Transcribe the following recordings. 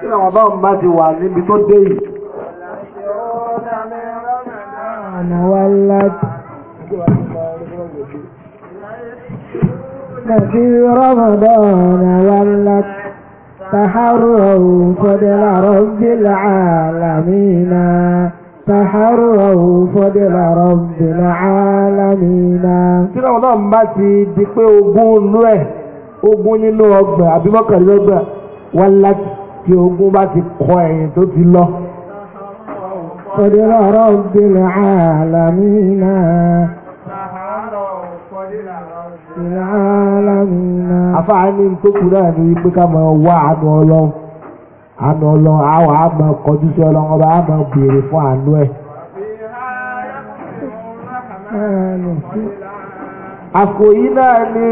kí làwọn bá wọn bá ti wà níbi tó dé yìí. في رمضان ولت تحروا فضل رب العالمين Tàhárọ̀wò fọ́dẹ̀lá rọ̀bìnà alámìnà. Tí Ramadan bá ti di pé ogún nú ẹ̀, ogún nínú ọgbà àbí mọ́kànlélọ́gbà, wọ́n láti tí ogún bá ti kọ ẹ̀yìn tó ti lọ. Kọ̀dílà rabbil alamina. Afáàní tó kù náà ní pé ká máa wá àánú ọlọ́run. Àánú ọlọ́run àwọn á máa kọjú sí ọlọ́run ọba á máa fún àánú ẹ̀. Àsìkò náà ni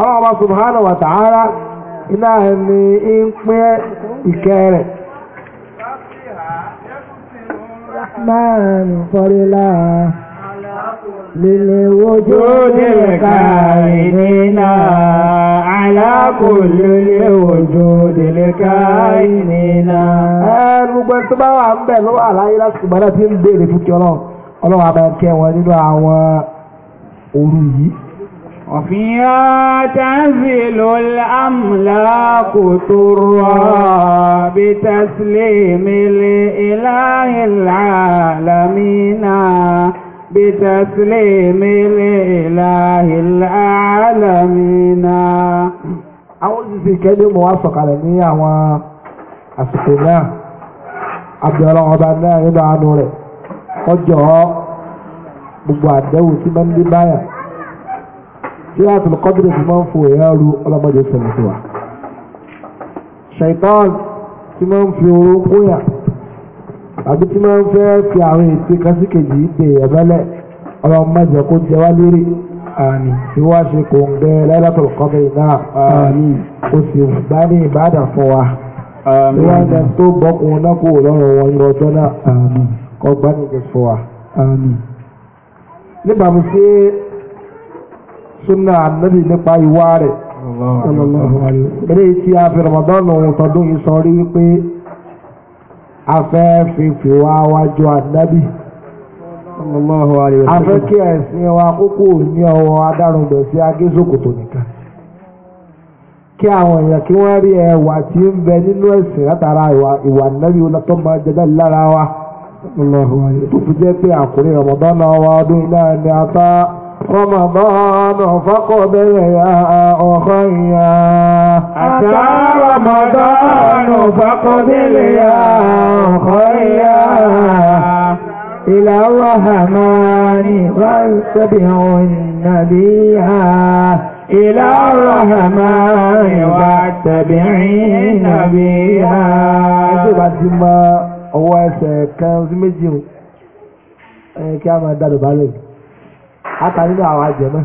ọlọ́run ọba subhanahu wa ta'ala iná ẹni ń pín ìkẹ́ rẹ̀. Rahman Fọ́rílá lílé wójú ní ẹ̀kàrí nínà alákòólé lé wójú nílé káàrí nínà. Ẹnu gbẹ́ tó bá wà ń bẹ̀ ló wà láyé lásìkò bá dá ń béèrè fún kí ọlọ́run ọlọ́run àbẹ̀kẹ́ nínú àwọn òru yìí. وفيها تنزل الأملاك ترى بتسليم لإله العالمين بتسليم لإله العالمين أعوذ بكلمة موافق على نية àsìkò náà abdọ́lọ́ ọba náà nínú àánú rẹ̀ ọjọ́ gbogbo àdẹ́wò tí máa ń dé báyà tí a tún kọ́dúrú fún máa ń fò ẹ̀yà ru ọlọ́mọdé sọ̀rọ̀ sí wa. ṣàìtàn tí máa ń fi oró kóyà àbí tí máa ń fẹ́ fi àwọn ètò kásíkèjì ìdè ẹ̀bẹ́lẹ̀ ọlọ́mọdé kó jẹ wá lérí àmì tí wá ṣe kò ń bẹ lẹ́lẹ́tọ̀ kọ́bẹ̀ náà àmì kò sì bá ní ìbádà fún wa. àmì wọn ni tó bọ́kùn náà kò lọ́rùn wọn yọ ọjọ́ náà àmì kọ́gbá fún wa. àmì níbàámu súnà annabi nípa ìwà rẹ̀ a fi Ramadan ohun tọdún a fẹ́ fi fìwà wájú a fẹ́ kí ẹ̀sìn wa kókó ní ọwọ́ adárùngbẹ̀ sí agézòkòtò nìkan kí àwọn èèyàn kí wọ́n rí ẹwà tí ń bẹ nínú ẹ̀sìn látara ìwà tó wa رمضان فقد يا أخيا أتى رمضان فقد يا أخيا إلى الرحمن فاتبعوا النبي إلى الرحمن واتبعي النبي ọwọ́ ẹsẹ̀ kan sí méjì kí a máa dá lùbálẹ̀ látàrí nínú àwọn àjẹmọ́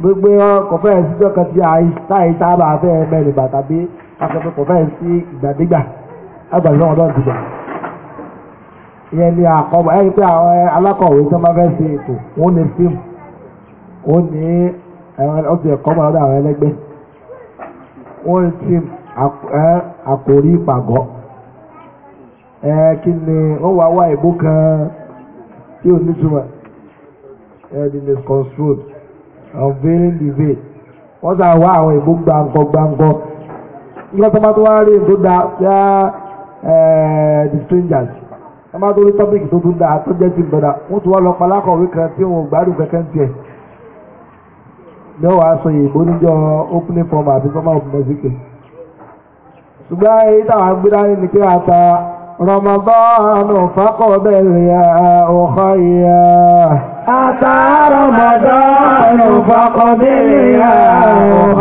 gbogbo kọ̀fẹ́ ìsíjọ́ kan tí àìsí sábà fẹ́ mẹ́rin bàtà bí akọ̀fẹ́ kọ̀fẹ́ sí ìgbàdégbà agbàlọ́ ọ̀dọ́ ìdìbò ìyẹn ni àkọ́bọ̀ ẹ̀yìn pé àwọn alákọ̀wé tó máa fẹ́ ṣe ètò ní fíìmù ní ọ̀sẹ̀ ẹ̀kọ́ máa àwọn ẹlẹ́gbẹ́ ní fíìmù àkòrí ìpàgọ́ kí ni wá wá ìbú kan tí ò ní túmọ̀ ẹni misconstrued and bearing the veil wọ́n sà wá àwọn ìbú gbàǹkọ gbàǹkọ nígbà tó bá tó wá rí ètò dá yá the strangers ẹ má tó rí topic, tó tún dá tó jẹ́ ti gbọ́dá wọ́n tún wá lọ pa lákọ̀wé kan tí òun gbádùn kankan tiẹ̀ lọ́wọ́ aṣọ ìbò níjọ́ opening form àti formal of music ṣùgbọ́n èyí táwọn agbéra ní kí a ta Ramadan faqad al-ya'u khayr أتى رمضان فقبل يا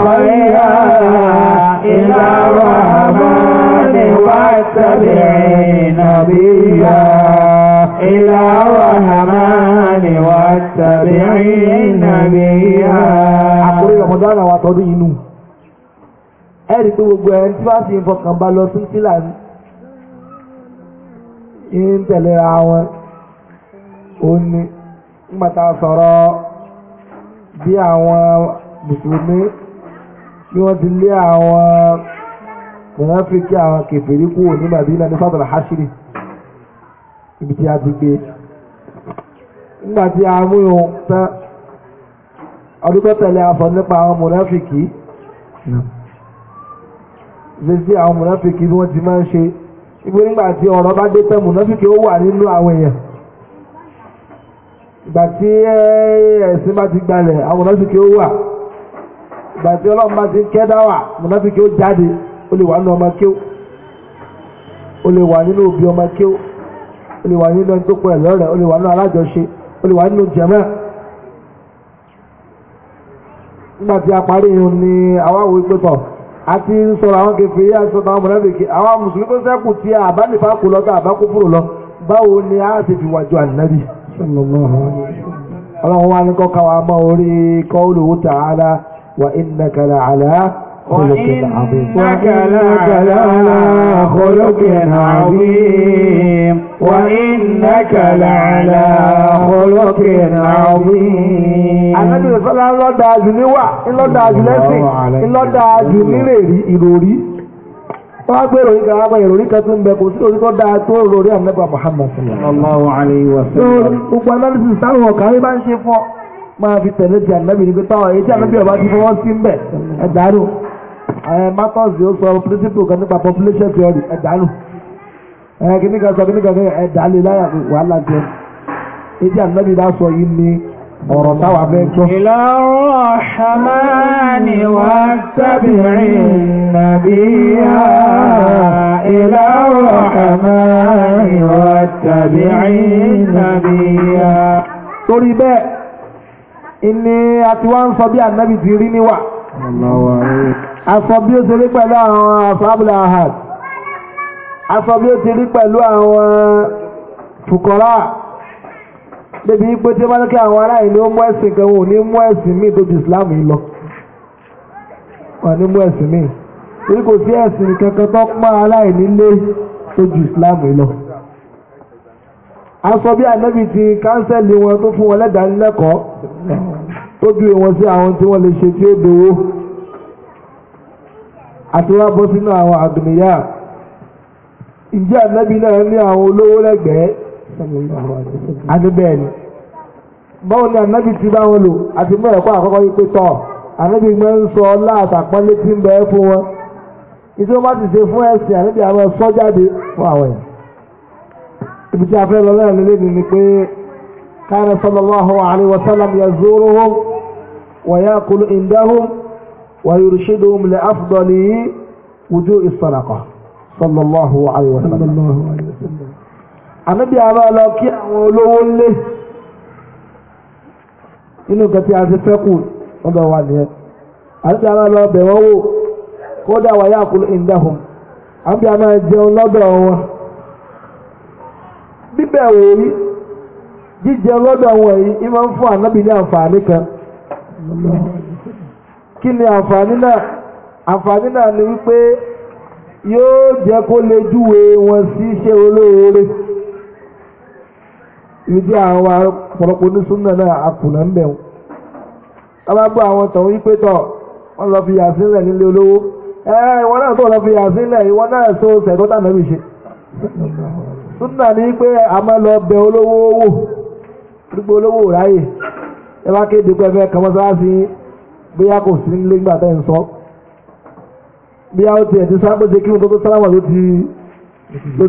خيرا إلى الرحمن واتبع نبيا إلى الرحمن واتبع نبيا Àkórí Ramadan àwọn àtọ́dún inú. Ẹ̀rí pé gbogbo ẹni tí bá sì ń fọkàn bá lọ sí sílà ní ń tẹ̀lé ra wọn. Ó ní nígbàtà sọ̀rọ̀ bí àwọn mùsùlùmí tí wọ́n ti lé àwọn mùnáfíkí àwọn kèfèrí kúrò ní Mádínà ní sọ́tọ̀lá hashiri ibi tí a ti gbé nígbàtí a mú yòó tán ọdún tó tẹ̀lé afọ nípa àwọn mùnáfíkí lẹ́sí àwọn mùnáfíkí bí wọ́n ti máa ń ṣe ìgbé nígbàtí ọ̀rọ̀ bá dé tán mùnáfíkí ó wà nínú àwọn èèyàn ìgbà tí ẹ̀sìn bá ti gbalẹ̀ àwọn mùnáfíkí ó wà ìgbà tí ọlọ́run bá ti ń kẹ́dá wà mùnáfíkí ó jáde ó lè wà nínú ọmọ kéw ó lè wà nínú òbí ọmọ kéw ó lè wà nínú ẹni tó pọ̀ ẹ̀lọ́rẹ̀ ó lè wà nínú alájọṣe ó lè wà nínú jẹ̀mẹ́ nígbà tí a parí irun ni àwa wo ìpè tọ̀ àti sọ̀rọ̀ àwọn a àti sọ̀rọ̀ àwọn mùnáfíkí àwọn mùsùlùmí tó sẹ́kù tí àbánifá kò lọ ká àbákú fúrò lọ báwo ni a ti fi wájú ànábì ọlọ́run wá ní kọ́kà wa mọ́ orí qawluhu ta'ala wa innaka la'ala khuluqin 'azim wa innaka la'ala khuluqin 'azim wa innaka la'ala khuluqin 'azim anábìrì sọ́lá ńlọ́dà jù níwà ńlọ́dà jù lẹ́sìn ńlọ́dà jù nírèrí ìròrí wọ́n á kan wọ́n mgbe ròyìn kan tó bẹ kò sí ròyìn dáa tó ànábà Muhammad sallallahu alaihi wa sallam. gbogbo analysis táwọn ọ̀kan rí bá ń ṣe fọ́ máa fi tẹ̀lé ti ànábì níbi táwọn èyí tí ànábì ọba ti fọwọ́ sí ń ẹ̀dánù mátọ́sì ó sọ principle kan nípa population theory ẹ̀dánù sọ ẹ̀dánù láyà wàhálà èyí tí ànábì ọ̀rọ̀ táwà fẹ́ tó. ìlọ́rọ̀ ṣàmánì wà sábìrin nàbíyà ìlọ́rọ̀ ṣàmánì wà sábìrin nàbíyà. torí bẹ́ẹ̀ ìní àti wá ń sọ bí ànábì ti rí níwà. àsọ bí ó ti rí pẹ̀lú àwọn àfábùlà ahad àsọ bí ó ti rí pẹ̀lú àwọn fùkọ́rà débi wípé tí wọ́n bá ní kí àwọn ará ìlú mú ẹ̀sìn kan wọn ò ní mú ẹ̀sìn míì tó ju Islam yìí lọ wọn ò ní mú ẹ̀sìn míì torí kò sí ẹ̀sìn kankan tó pọ́n aláìní lé tó ju Islam yìí lọ. a sọ bí ànábì ti kánsẹ́lì wọn tó fún wọn lẹ́dàánilẹ́kọ̀ọ́ tó bí wọn sí àwọn tí wọ́n lè ṣe tí ó dowó àti wá bọ́ sínú àwọn àgbìnìyà ìjẹ́ ànábì náà ní àwọn olówó lẹ́gbẹ̀ẹ́ àti bẹ́ẹ̀ ni báwo ni ànábì ti bá wọn lò àti mú ẹ̀kọ́ àkọ́kọ́ yìí pé tọ́ ànábì máa ń sọ láàtàpọ́nlé tí ń bẹ fún wọn ìdí wọn bá ti ṣe fún ẹ̀sìn ànábì àwọn ẹ̀sọ́ jáde fún àwọn ibi tí a fẹ́ lọ lẹ́yìn lélẹ́ni ni pé káàrẹ́ sallallahu alaihi wa sallam yazuruhum wa yaqulu wa yurshiduhum li afdali wujuhi wa sallam. anabi àbá lọ kí àwọn olówó lé inú nǹkan tí a ti fẹ́ kù ọ̀dọ̀ wà nìyẹn ànábì àbá lọ bẹ̀ wọ́n wò kódà wà ya'kulu indahum ànábì àbá jẹun lọ́dọ̀ wọn bíbẹ̀ wò yí jíjẹ lọ́dọ̀ wọn ń fún ní àǹfààní kan ni wípé yóò jẹ́ kó lè júwe wọn sí olóore. ibi àwọn ọ̀pọ̀lọpọ̀ onísúnà náà akùnà ń bẹ̀ wọn. ọba bọ́ àwọn tàn wípé tọ̀ wọ́n lọ fi yàsí ńlẹ̀ nílé olówó ẹ ìwọ náà tó lọ fi yàsí ńlẹ̀ ìwọ náà tó sẹ̀tọ́ tà náà mi ṣe. súnà ní pé a máa lọ bẹ olówó wò gbogbo olówó ráyè ẹ bá kéde pé ẹ fẹ́ kàn mọ́sáàsì bóyá kò sí nílé gbà tẹ́ ń sọ bóyá ó tiẹ̀ ti sábẹ́ kí wọn tó tó sálámà ló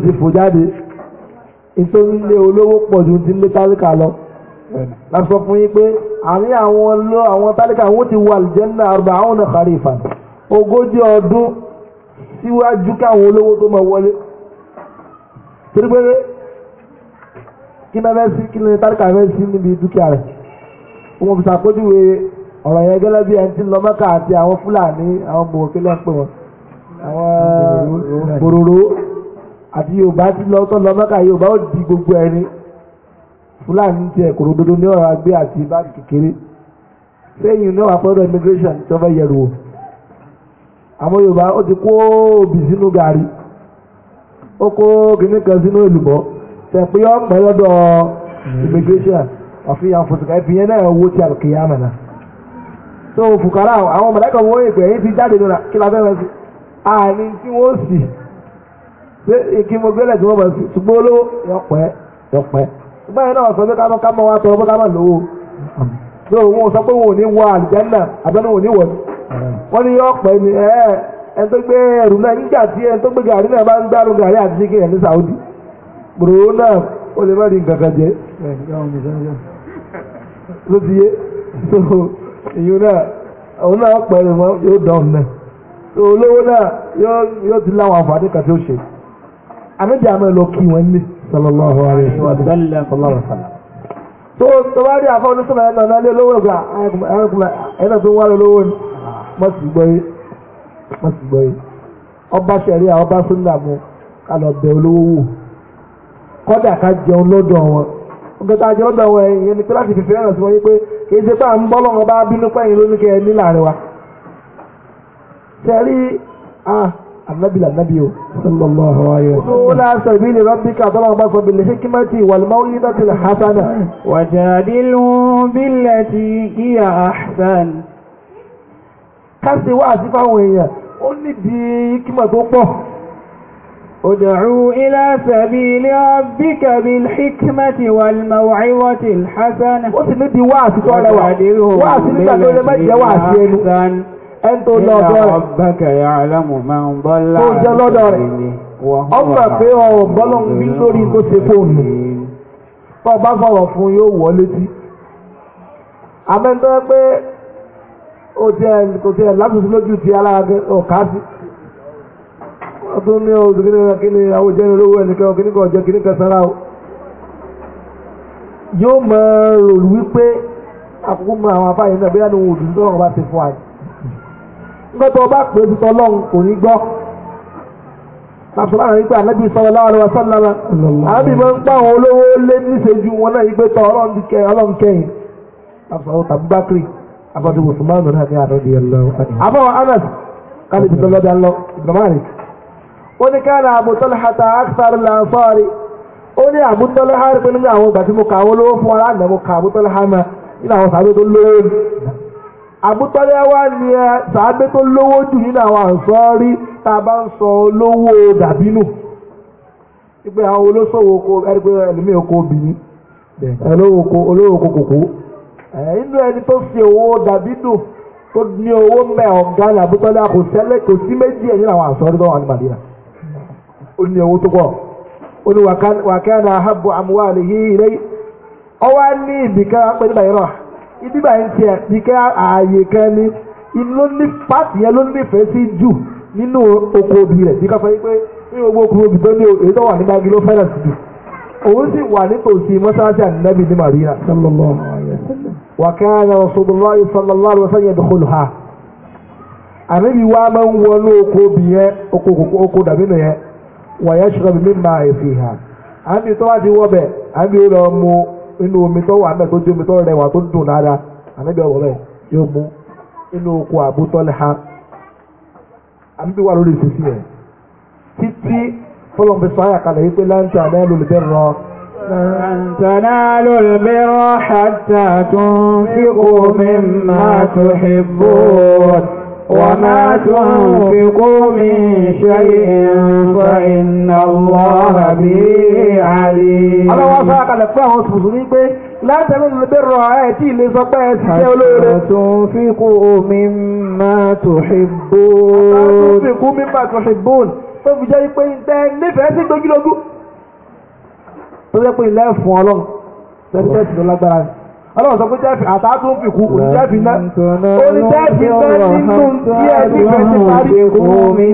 ti fò jáde nítorí ilé olówó pọ̀ ju ti lé tálíkà lọ la sọ fún yín pé àárín àwọn lọ àwọn tálíkà wọn ti wà aljanna arba'una kharifan ogójì ọdún síwájú káwọn olówó tó máa wọlé torí pé kí ni abẹ́ sí kí ni tálíkà abẹ́ sí níbi dúkìá rẹ̀ wọn fi ṣàpèjúwe ọ̀rọ̀ yẹn gẹ́lẹ́ bí ẹni tí ń lọ Mẹ́kà àti àwọn Fúlàní àwọn bòwòkélẹ́ ń pè wọ́n àwọn bòròró. àti yorùbá ti lọ tọ́ lọ mẹ́ka yorùbá ó di gbogbo ẹni fúlàní tiẹ̀ kòròdodo ní ọ̀rọ̀ agbé àti ìbáàdì kékeré sẹ́yìn náà wà fọ́dọ̀ immigration tó fẹ́ yẹ̀rù wò àwọn yorùbá ó ti kó òbí sínú gàrí ó kó kìnnì kan sínú èlùbọ́ tẹ̀pẹ́ yọ lọ́dọ̀ immigration ìfìyẹn náà owó mẹ́ta fùkàrà àwọn mọ̀lẹ́kọ̀ jáde kí pé kí mo gbélé tí wọ́n bá ṣùgbọ́n olówó yọpẹ́ yọpẹ́ báyìí náà sọ pé ká mọ ká mọ wá tọrọ pé ká mọ lówó tó wọn sọ pé wọn ò ní wọ àlùjánnà àbẹ́ni wọn ò ní wọ̀ wọ́n ní yọpẹ́ ni ẹ ẹ tó gbé ẹrù náà nígbà tí ẹ tó gbé gàrí náà bá ń gbárùn gàrí àti síkì ẹ̀ ní Saudi gbòòrò náà ó lè má di nǹkan kan jẹ ló ti yé tó ìyún náà òun náà pẹ̀lú wọn yóò dán un náà olówó náà yóò ti láwọn àǹfààní kan tí ṣe. àmẹ́bí àmọ́ ìlọ kí wọn sallallahu alaihi wa sallam tó tọ́wárí àfọ́ onísọ́nà ẹ̀nà náà ni mọ́ sì gbọ́ yé mọ́ sì gbọ́ ọba ṣẹ̀rí àwọn ọba sọ́nà mu ká lọ bẹ̀ olówó ka jẹun lọ́dọ̀ wọn ọgọ́ta jẹ́ ọ̀dọ̀ wọn ẹ̀yìn ni ẹ̀rọ sí wọn kì í ṣe pé à النبي النبي صلى الله عليه وسلم قول سبيل ربك طلب بالحكمة والموعظة الحسنة وجادلهم بالتي هي أحسن كسوا wá sí fáwọn èèyàn ó nídìí ادعوا إلى سبيل ربك بالحكمة والموعظة الحسنة. وسندي واسطه nídìí wá واسطه tọ́lẹ̀ wá ẹni tó lọ ọ̀dọ̀ rẹ̀. ọ̀bẹ́kẹ̀ yà alámù máa ń bọ́ láàrín. tó jẹ́ lọ́dọ̀ rẹ̀ ọgbà pé ọ̀rọ̀ bọ́lọ́n bí lórí kó ṣe fóònù tó bá sọ̀rọ̀ fún yóò wọ́ létí. àmẹ́ńtọ́ pé ó tiẹ̀ kò tiẹ̀ lásìkò lójú ti alága ọ̀ká sí ọdún ní ọdún kìíní ọ̀rọ̀ kìíní àwọn òjẹ́ni olówó ẹnìkan ọ̀kìíní kan ọ̀jẹ́ kìíní kan sára o yóò mọ̀ rò wípé àkókò mọ àwọn afáyín náà bí wọ́n ti wọ́n òdùn tó nígbà tó o bá pè é ju tọ́lọ́run kò ní gbọ́. Àbúrò àwọn ànábì sọ̀rọ̀ láwọn ọ̀rọ̀ sọ́nà náà. Àbí ń pa àwọn olówó lé níṣẹ́jú wọn náà tọ́ ọlọ́run Anas kálí lọ Ó ní Ó ní hàrí pé nínú àwọn mo kà àwọn olówó fún wa mo kà hàmà nínú àwọn àbútọ́lẹ́ wá ní ẹ sàábé tó lówó jù nínú àwọn àǹsọ́rí tá a bá ń sọ olówó dàbínù pípé àwọn olóṣòwò oko ẹgbẹ́ ẹlòmí oko obìnrin olówó oko kòkó inú ẹni tó fi owó dàbínù tó ní owó mẹ́ ọ̀gá ní àbútọ́lẹ́ kò sẹ́lẹ̀ kò sí méjì ẹ̀ nínú àwọn ó ní owó tó pọ̀ ó ní wàkẹ́ ilé ọwọ́ ní ibìkan pẹ̀lú ibi báyìí tiẹ̀ ní kẹ́ ààyè kẹ́ inú ló ní pàtì yẹn ló nífẹ̀ẹ́ sí jù nínú oko obì rẹ̀ bí káfẹ́ pé ní owó oko obì tó ní èyí tó wà ní magilo finance jù òun sì wà ànínábì ní marina sallallahu alaihi wa kana rasulullah sallallahu na wasallam àníbi wa máa ń wọnú oko obì yẹn oko oko yẹn inú omi tó wà mẹ́ tó jẹ́ omi tó rẹwà tó dùn lára ànábì ọ̀wọ̀ rẹ̀ yóò mú inú oko àbútọ́lẹ̀ ha àbíbí wà lórí ìṣesí ẹ̀ títí fọlọ́n fi na àyàkálẹ̀ yìí pé láǹtà náà ló lè bẹ́ẹ̀ rọ. تنالوا البر حتى تنفقوا وما تنفقوا من شيء فإن الله به عليم الله وفاق لفاه وصفه لا تمنوا البر آياتي لزقاء حتى تنفقوا مما تحبون تنفقوا مما تحبون ففي جاي بينتين نفسي دوجي لوجو tó yẹ pé ilé ẹ̀fún ọlọ́run ọlọ́run sọ pé tẹ́ẹ̀fì àtàtún fi kú òní tẹ́ẹ̀fì náà òní tẹ́ẹ̀fì náà nínú tí ẹ nífẹ̀ẹ́ ti parí omi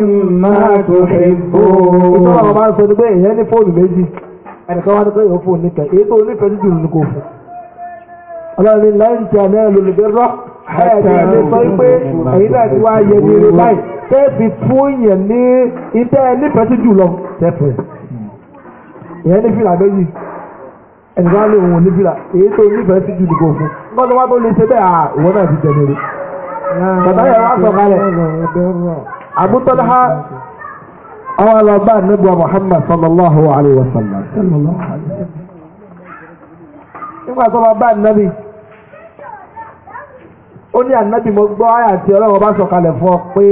máa tó ṣe bó. ìtọ́wọ́ àwọn ń sọ ni pé èèyàn ní fóònù méjì ẹnìkan wá ní pé fóònù nìkan èyí tó onífẹ̀ẹ́ jù ní kò fún. ọlọ́run ní láì jẹ́ àmì ẹ̀rọ lòlùbẹ́ rọ́ ẹ̀ẹ́dì ẹ̀mí sọ pé èyí náà ti wá yẹ ní eré tẹ́ẹ̀fì fún ní ìtẹ́ nífẹ̀ẹ́ ẹ̀dá lè wọ̀n níbìlà èyí tó nífẹ̀ẹ́ sí jùlọ fún nǹkan a wá tó lè ṣe bẹ́ẹ̀ à ìwọ náà ti tẹ̀lé rẹ̀. bàbá yẹn wá sọ kalẹ̀ àbútọ́lá àwọn nígbà Muhammad sallallahu alayhi wa sallam. nígbà tó bá bá ó ní ànábì mo gbọ́ àyà tí ọlọ́run bá sọ̀kalẹ̀ fún ọ pé.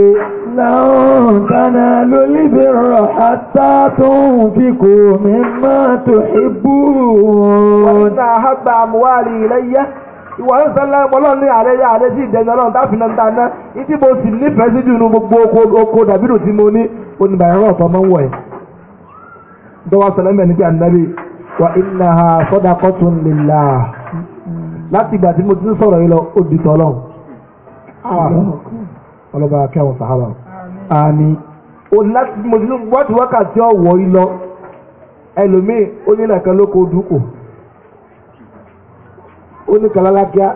láwọn kaná ló lébi rọ ata tó ń fi kò mí má tó ibú. wọ́n ní àhábà àmúwárí iléyà ìwọ ní sọlá ọlọ́run ní àlẹ́ yá àlẹ́ tí ìdẹ́nu ọlọ́run tá fi náà dáná ìdí mo sì nífẹ̀ẹ́ sí dùnú gbogbo oko dàbídò tí mo ní oníbàárọ̀ ọ̀tọ̀ mọ́ wọ̀ ẹ̀. dọ́wọ́ sọlá mẹ́rin nígbà nàbí wa innaha sadaqatun lillah láti ìgbà tí mo ti ń sọ̀rọ̀ yìí lọ ó di tọ́lọ́run. ọlọ́ba akẹ́ àwọn sàhábà àmì o láti mo ti wọ́n ti wákàtí ọ̀wọ́ yìí lọ ó ní nàkan lóko dúkù ó ní kàlálákíá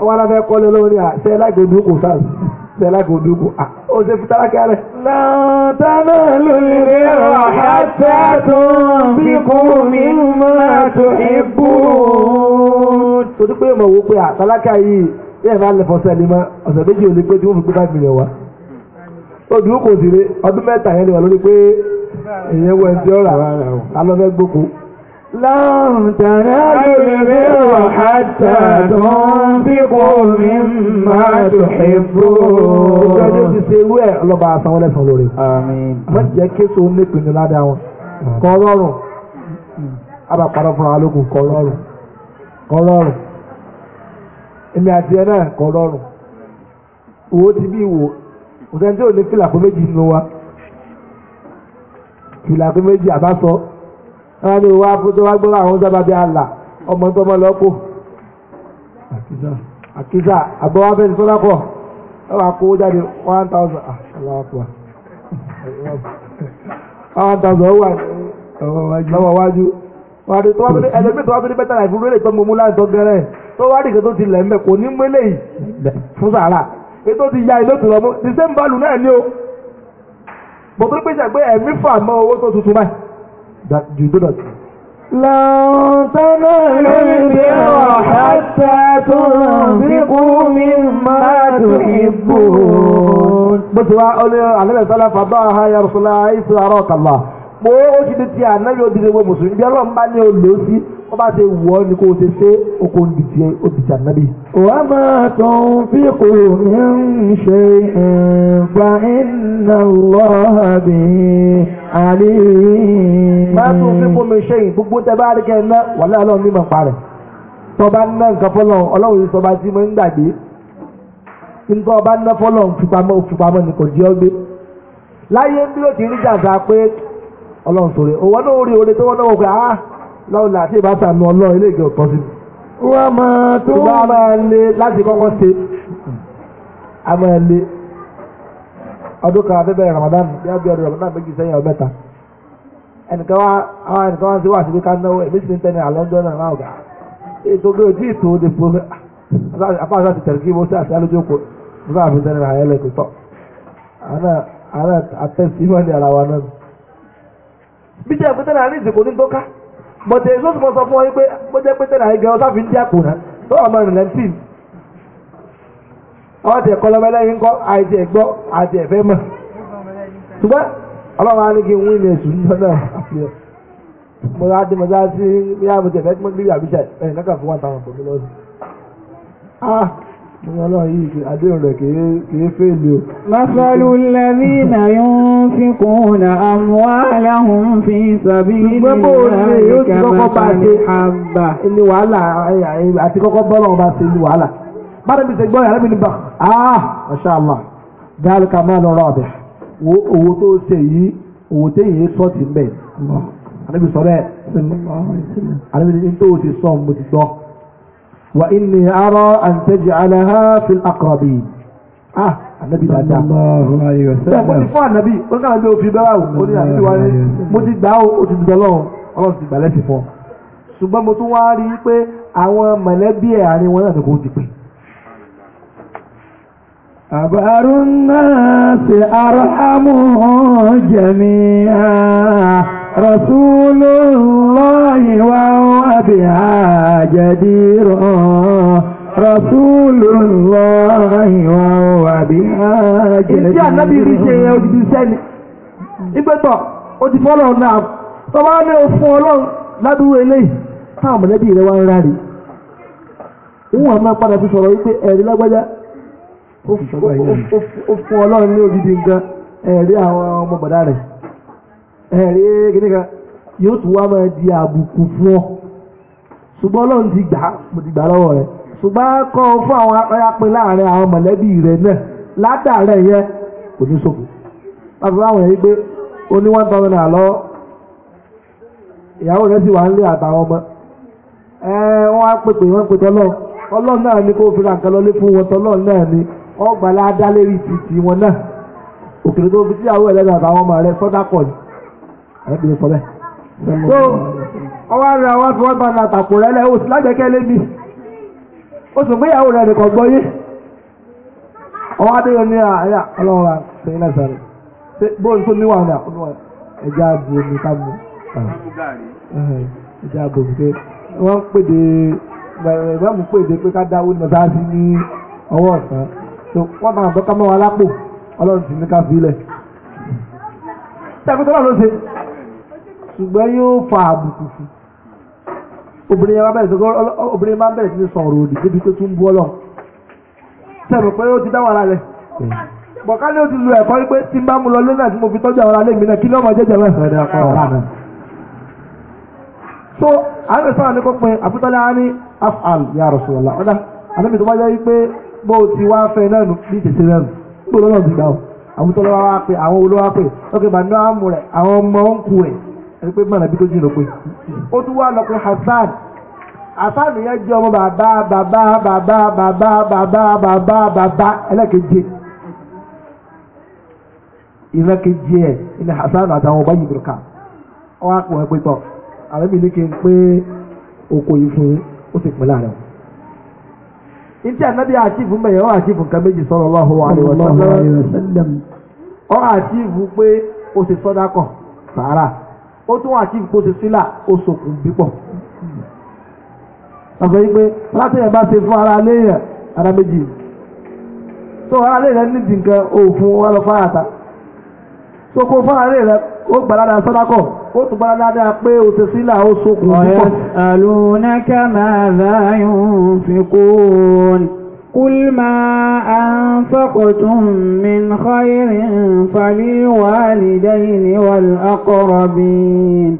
àwọn aláfẹ́ ní dúkù sáà dúkù ó ṣe rẹ̀. lórí bí kò ní ìbú. pé mo wò pé yìí. bẹ́ẹ̀ bá lè fọ́sẹ́ ni ma ọ̀sẹ̀ méjì ò ní pé tí wọ́n fi gbé five million wa odò kò sì rè ọdún mẹ́ta yẹn ni wà lórí pé èyẹ wọ ẹni tí ó rà alọ́fẹ́ gbogbo. láàrùn tàrí àgbèrè wà hàtà tó ń bí kò mí máa tó ṣèbó. ìjọba ti ṣe ewé ọlọ́ba àsanwó lẹ́sàn lórí. wọ́n jẹ́ késo nípìnlẹ̀ ládàá wọn kọ́ lọ́rùn mm. abàpàdé fúnra lókun kọ́ lọ́rùn kọ́ lọ́rùn èmi àti ẹ náà kọ lọ́rùn owó ti bí ìwò òsèǹ tí ò ní fìlà pé méjì nínú wa fìlà pé méjì àbáṣọ wọn ni wàá fún tó wá gbọ́dọ̀ àwọn sábà bíi àlà ọmọ tó mọ lọ́pọ̀ àkísà àbọ̀ wá fẹ́ẹ́ sọ́dọ̀ kọ̀ ẹ wàá kó jáde one thousand ah, aláwàpọ̀ one thousand wà lọ́wọ́ wájú wàá di tó wá fi ẹlẹgbẹ́ tó wá fi ní bẹ́tà láì fún rẹ́lẹ̀ tó mú mú tó gẹ́rẹ́ tó wá dìgbà tó ti lẹ̀ ń kò ní mélé yìí fún sàrà ètò ti ya ilé tòun ọmọ the same value náà ni o bọ̀dọ̀ pèsè pé ẹ̀mí fà mọ́ owó tó tuntun báyìí that you do not. لن تنالوا البر حتى تنفقوا مما تحبون. بس هو قال عليه السلام فضاها يا رسول الله عيسى أراك الله pé ó ti di ti ànáyọ ó ti di ewé mùsùlùmí bí ọlọ́run bá ní olè sí ó bá ṣe wù ọ́ ni kó o ṣe ṣe oko ń dìtì ó dìtì ànábì. wà á máa tán fi kò ní ṣe ẹ̀fà iná lọ́hàbí àlè. máa tún fi fún mi ṣe yìí gbogbo tẹ bá rí kẹ́ ná wàhálà ọlọ́run ní màá parẹ̀. tọ́ba ń ná nǹkan fọlọ́run ọlọ́run yìí tọ́ba tí mo ń gbàgbé nǹkan ọba ń ná fọlọ́run fipamọ́ fipamọ́ ni kò jẹ́ ọ ọlọ́run sọ̀rọ̀ òwò náà rí oore tó wọ́n náà wọ̀ pé ah lọ́run là àti ìbáṣà nu ọlọ́run ilé ìjọ tọ́ sí. wọ́n máa tó ṣùgbọ́n a máa le láti kọ́kọ́ ṣe a máa le ọdún kan abẹ́bẹ̀rẹ̀ Ramadan bí wọ́n bí ọdún Ramadan méjì sẹ́yìn ọ̀bẹ́ta ẹnìkan wá àwọn ẹnìkan wá sí wà síbi ká náwó ẹ̀mí sì ń tẹ́ni àlọ́jọ́ náà náà ètò gbé ojú ìtò òde fún apáṣá ti tẹ̀lé kí mo bí jẹ́ pété náà ní ìsìnkú ní tóká bọ̀dé èso sì mọ sọ ekweta na pé bó jẹ́ pété náà ìgbẹ́ ọ̀sáfin dí àpò náà tó ọmọ ìrìnlẹ̀ ń tìǹ ọwọ́ tẹ̀ kọ́ lọ́mọ ẹlẹ́yin kọ́ àìsí anyị àti ẹ̀fẹ́ mọ̀ ṣùgbọ́n ọlọ́run á ní kí adị wí ní ya nígbà náà mo rà dé mo rà sí bí i àmì tẹ̀fẹ́ gbígbà bíṣà مثل الذين ينفقون أموالهم في سبيل الله كمثل حبة ilé wàhálà àti kọ́kọ́ bọ́lọ̀ ọba sí ilé wàhálà bára bí sẹ́gbọ́n yàrá bí nígbà ah masha allah dáríkà máa lọ rọ́ọ̀bẹ̀ wo owó tó ṣe yìí owó tẹ́ yìí sọ ti bẹ̀ àdébìsọ bẹ́ẹ̀ àdébìsọ tó ti sọ mo ti sọ. وإني أرى أن تجعلها في الأقربين ah anabi dada bẹ́ẹ̀ mo ti fún anabi wọn kàn án bí o fi bẹ́ẹ̀ wò ó ní àbí wa ni mo ti gbà ó ti dùdọ lọ́wọ́ Ọlọ́run ti gbà lẹ́sìn fún ọ ṣùgbọ́n mo tún wá rí i pé àwọn mọ̀lẹ́bí ẹ̀ àárín wọn náà ni kò ti pè. àbárò náà ṣe àrọ́ àmúhàn jẹ̀mí àá. رسول الله وهو بها جدير رسول الله وهو بها جدير fọ́lọ̀ náà ní òfin ọlọ́run eléyìí táwọn mọ̀lẹ́bí rẹ̀ wá ń rárí padà fi sọ̀rọ̀ wípé ẹ̀rí lágbájá ọlọ́run ní nǹkan ẹ̀rí ẹ̀rí kìnnìkan yóò tún wá máa di àbùkù fún ọ ṣùgbọ́n ọlọ́run ti gbà mo ti gbà lọ́wọ́ rẹ̀ ṣùgbọ́n kọ́ fún àwọn apẹ́ láàrin àwọn mọ̀lẹ́bí rẹ̀ náà ládàárẹ̀ yẹn kò ní sókè láwọn yẹn gbé ó ní one thousand ìyàwó rẹ̀ sì wà ń lé àtàwọn ọmọ ẹ wọ́n á pèpè wọ́n ni kó nǹkan fún wọn tọ́lọ́run náà ni wọn náà tó fi àtàwọn ọmọ rẹ ẹ̀bí sọ bẹ́ẹ̀. so ọwọ́ rẹ̀ wọ́n fi wọ́n bá na àtàkù rẹ̀ lẹ́ oṣù lágbẹ̀kẹ́ lé mi oṣù gbéyàwó rẹ̀ nìkan gbọ́ yé ọwọ́ adéyọ ní àyà ah, ọlọ́run wa sẹ́yìn náà sáré bóyá tó níwà ní àkókò ẹja àbò omi ká mu ah. eh, ẹja àbò omi pé wọ́n ń pèdè ìgbà mú pèdè pé ká dáwó ní ọ̀sán sí ní ọwọ́ ọ̀sán so wọ́n máa bọ́ ká mọ́ wa lápò ọlọ́run sì ní ká fi ilẹ̀. tẹ́kùtọ́ náà ló ṣe ṣùgbọ́n yóò fa àbùkù sí obìnrin yẹn bá bẹ̀rẹ̀ sí obìnrin bá bẹ̀rẹ̀ sí sọ̀rọ̀ òdì débi tó tún bú ọ lọ sẹ́nu pé ó ti dá wàhálà rẹ̀ bọ̀kálẹ́ ó ti lu ẹ̀kọ́ pé tí n bá mu lọ lé tí mo fi tọ́jú àwọn alẹ́ mi kí lọ́mọ jẹ́jẹ́ mẹ́fẹ̀ẹ́ so àwọn ìsọ̀rọ̀ ní kó pin àfitọ́lẹ́ á afal ya Rasulullah ọ̀dà àlẹ́ mi tó bá jẹ́ wípé bó o ti wá fẹ́ náà nù ní tètè náà nù gbọ́dọ̀ náà ti gbà ó àfitọ́lẹ́ ẹni pé mọ̀nà bí tó jìnnà pé ó tún wá lọ pé Hasan Hasan yẹn jẹ́ ọmọ bàbá bàbá bàbá bàbá bàbá bàbá bàbá ẹlẹ́keje ìrẹ́keje ẹ̀ ní Hasan àtàwọn ọba yìí bùrùkà ọwọ́ àpò ẹ̀ pé tọ̀ àrẹ́bí ní kí n pé oko yìí fún ó sì pín láàrin wọn ntí anabi àtìfù mẹyẹ ọ àtìfù nǹkan méjì sallallahu alaihi wasallam àtìfù pé o sì sọdá sàárà ó tún wà sí ipò ó sòkùn bípọ̀. àgbẹ̀ yìí pé láti bá ṣe fún ara léèyàn ara méjì so ara léèyàn nídìí nǹkan òfun wa lọ fara ta so kó fara léèyàn ó gbàládà sọ́dákọ̀ ó tún gbára dáadáa pé o ti sílà ó sókun púpọ̀. ọ̀yẹ́ àlùnákà máa láyún fi kún. قل ما أنفقتم من خير فليوالدين والأقربين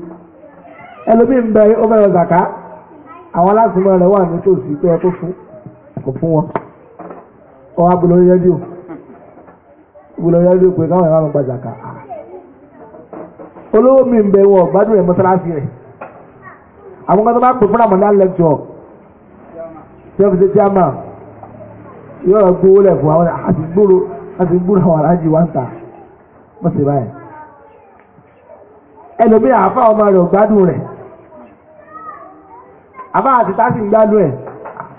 ẹlòmí ń bẹ ọmọ zaka àwọn aláṣùmọ̀ rẹ̀ wà nítòsí pé ẹkú fún kò fún wọn ọwọ́ abúlọ rẹ́díò abúlọ rẹ́díò pé káwọn ẹ̀rọ gba zaka olówó mi bẹ wọn gbádùn rẹ̀ mọ́sálásí rẹ̀ àwọn kan tó bá pè fún àmọ́dá lẹ́kṣọ̀ tí wọ́n fi ṣe chairman yọ̀rọ̀ gbówó lẹ̀ fún àwọn àti ah, gbúrò àwọn aláàjì wá ń ta wọ́n sì báyìí. ẹlòmíì àfa ọmọ rẹ̀ gbádùn rẹ̀ àbá àti tásì gbádùn ẹ̀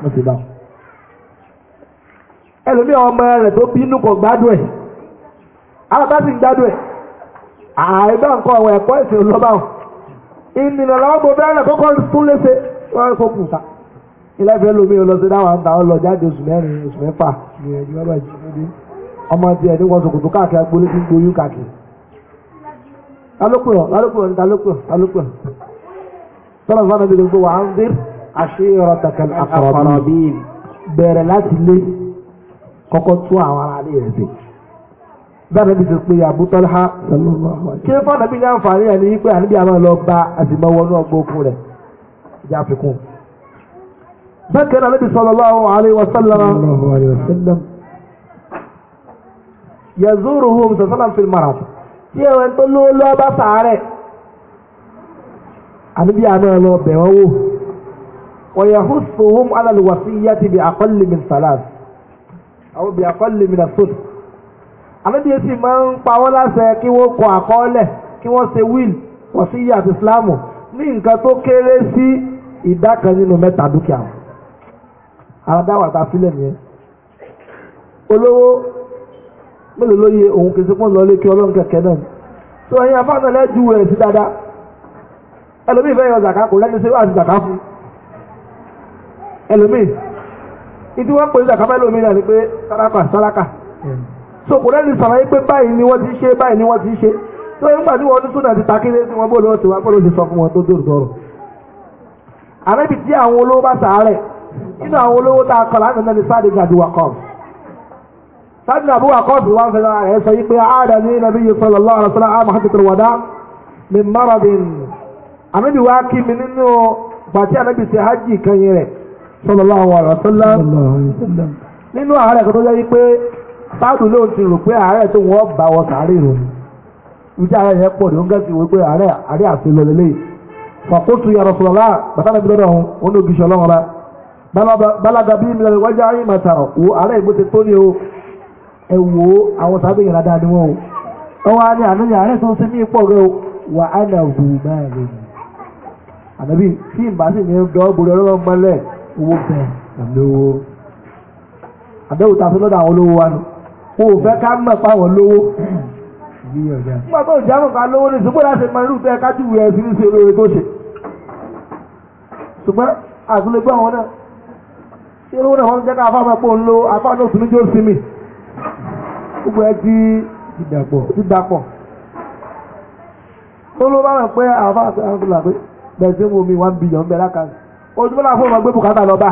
wọ́n sì ẹlòmíì ọmọ rẹ̀ tó bínú gbádùn ẹ̀ àwọn tásì gbádùn ẹ̀ ẹ̀kọ́ ìnìyàn làwọn ilẹ̀fẹ́ lomi ọlọ́sẹ̀ dáwọn àgbà ọlọ jáde oṣù mẹ́rin oṣù mẹ́fà gbìyànjú ọlọ́ ìjìnlẹ́dẹ́ ọmọ ti ẹ̀ níwọ̀n sòkòtò káàkiri agboolé tí ń gboyún káàkiri. talókùrọ̀ talókùrọ̀ ní talókùrọ̀ talókùrọ̀ tọ́lá gbogbo wa ń bẹ̀rẹ̀ láti lé kọ́kọ́ tún àwọn ará ní bákan náà Nabi sallallahu alaihi wa sallam yazuruhum sallallahu fil marad tí ẹ̀wẹ̀ tó ló lọ́ bá sàárẹ̀ àníbí àná lọ bẹ̀ wọ́n wò wa yahussuhum ala al-wasiyyati bi aqalli min salat aw bi aqalli min as-sudus àníbí èsì máa ń pa wọ́n láṣẹ kí wọ́n kọ àkọọ́lẹ̀ kí wọ́n ṣe wíìl wàsíyà àti islamu ní nǹkan tó kéré sí ìdá kan nínú mẹ́ta dúkìá wọn àwọn dáwà ta sílẹ̀ nìyẹn olówó mélòó lóye òun kìí sẹ́kún lọ lékè ọlọ́run kẹ̀kẹ́ náà tó ẹ̀yin afáàná lẹ́jú rẹ̀ sí dáadáa ẹlòmíì fẹ́ yọ zàká kò lẹ́ni sí wàá sí zàká fún ẹlòmíì ìdí wọ́n pè zàká mẹ́lòó mi náà ni pé sáráka sáráka so kò lẹ́ni sàlàyé pé báyìí ni wọ́n ti ṣe báyìí ni wọ́n ti ṣe tó ẹ̀yin gbà tí wọ́n ní súnà ti takílé sí wọn bó lọ́wọ́ tí wọ́n pọ̀ lóde sọ fún wọn tó dòdò ọ̀rọ̀ àrẹ́bì tí àwọn olówó bá sàárẹ̀ nínú àwọn olówó tá a kọ̀ láti náà ni sáàdì ní àdúwà kọ́ sáàdì ní àbúwà kọ́ bí wọ́n fẹ́ lára rẹ̀ sọ yí pé àádà ní nàbí yìí sọ̀rọ̀ lọ́wọ́ àrùn sọ́lá àmà hàtìkìrì wàdá mi márọ̀dìn wá kí mi nínú hajj Sọlọ nínú kan tó yẹ pé sáàdù ló ti rò pé àárẹ̀ tó bá sàárè rò yẹn pọ̀ ní ó ń gẹ́sì balaga bí mi lọ́wọ́ wájú ayé a wo ààrẹ ìbò tó ní o ẹ àwọn sábẹ́ yàrá ni wọn o ní ààrẹ tó ń ní rẹ o wà á nà hù máa lè ní. tí ìbá sì ní owó ta fún àwọn olówó wa o ká ká lówó ní láti mọ sí ní irú rẹ̀ wọ́n jẹ́ ká afá máa pò ń lo afá náà tún ní jó sinmi gbogbo ẹ ti dìdàpọ̀ tó ló bá rẹ̀ pé afá àti àǹtọ̀là pé bẹ̀rẹ̀ sí bẹ̀rẹ̀ àkàrẹ̀ fún ọmọ gbé bùkátà lọ bá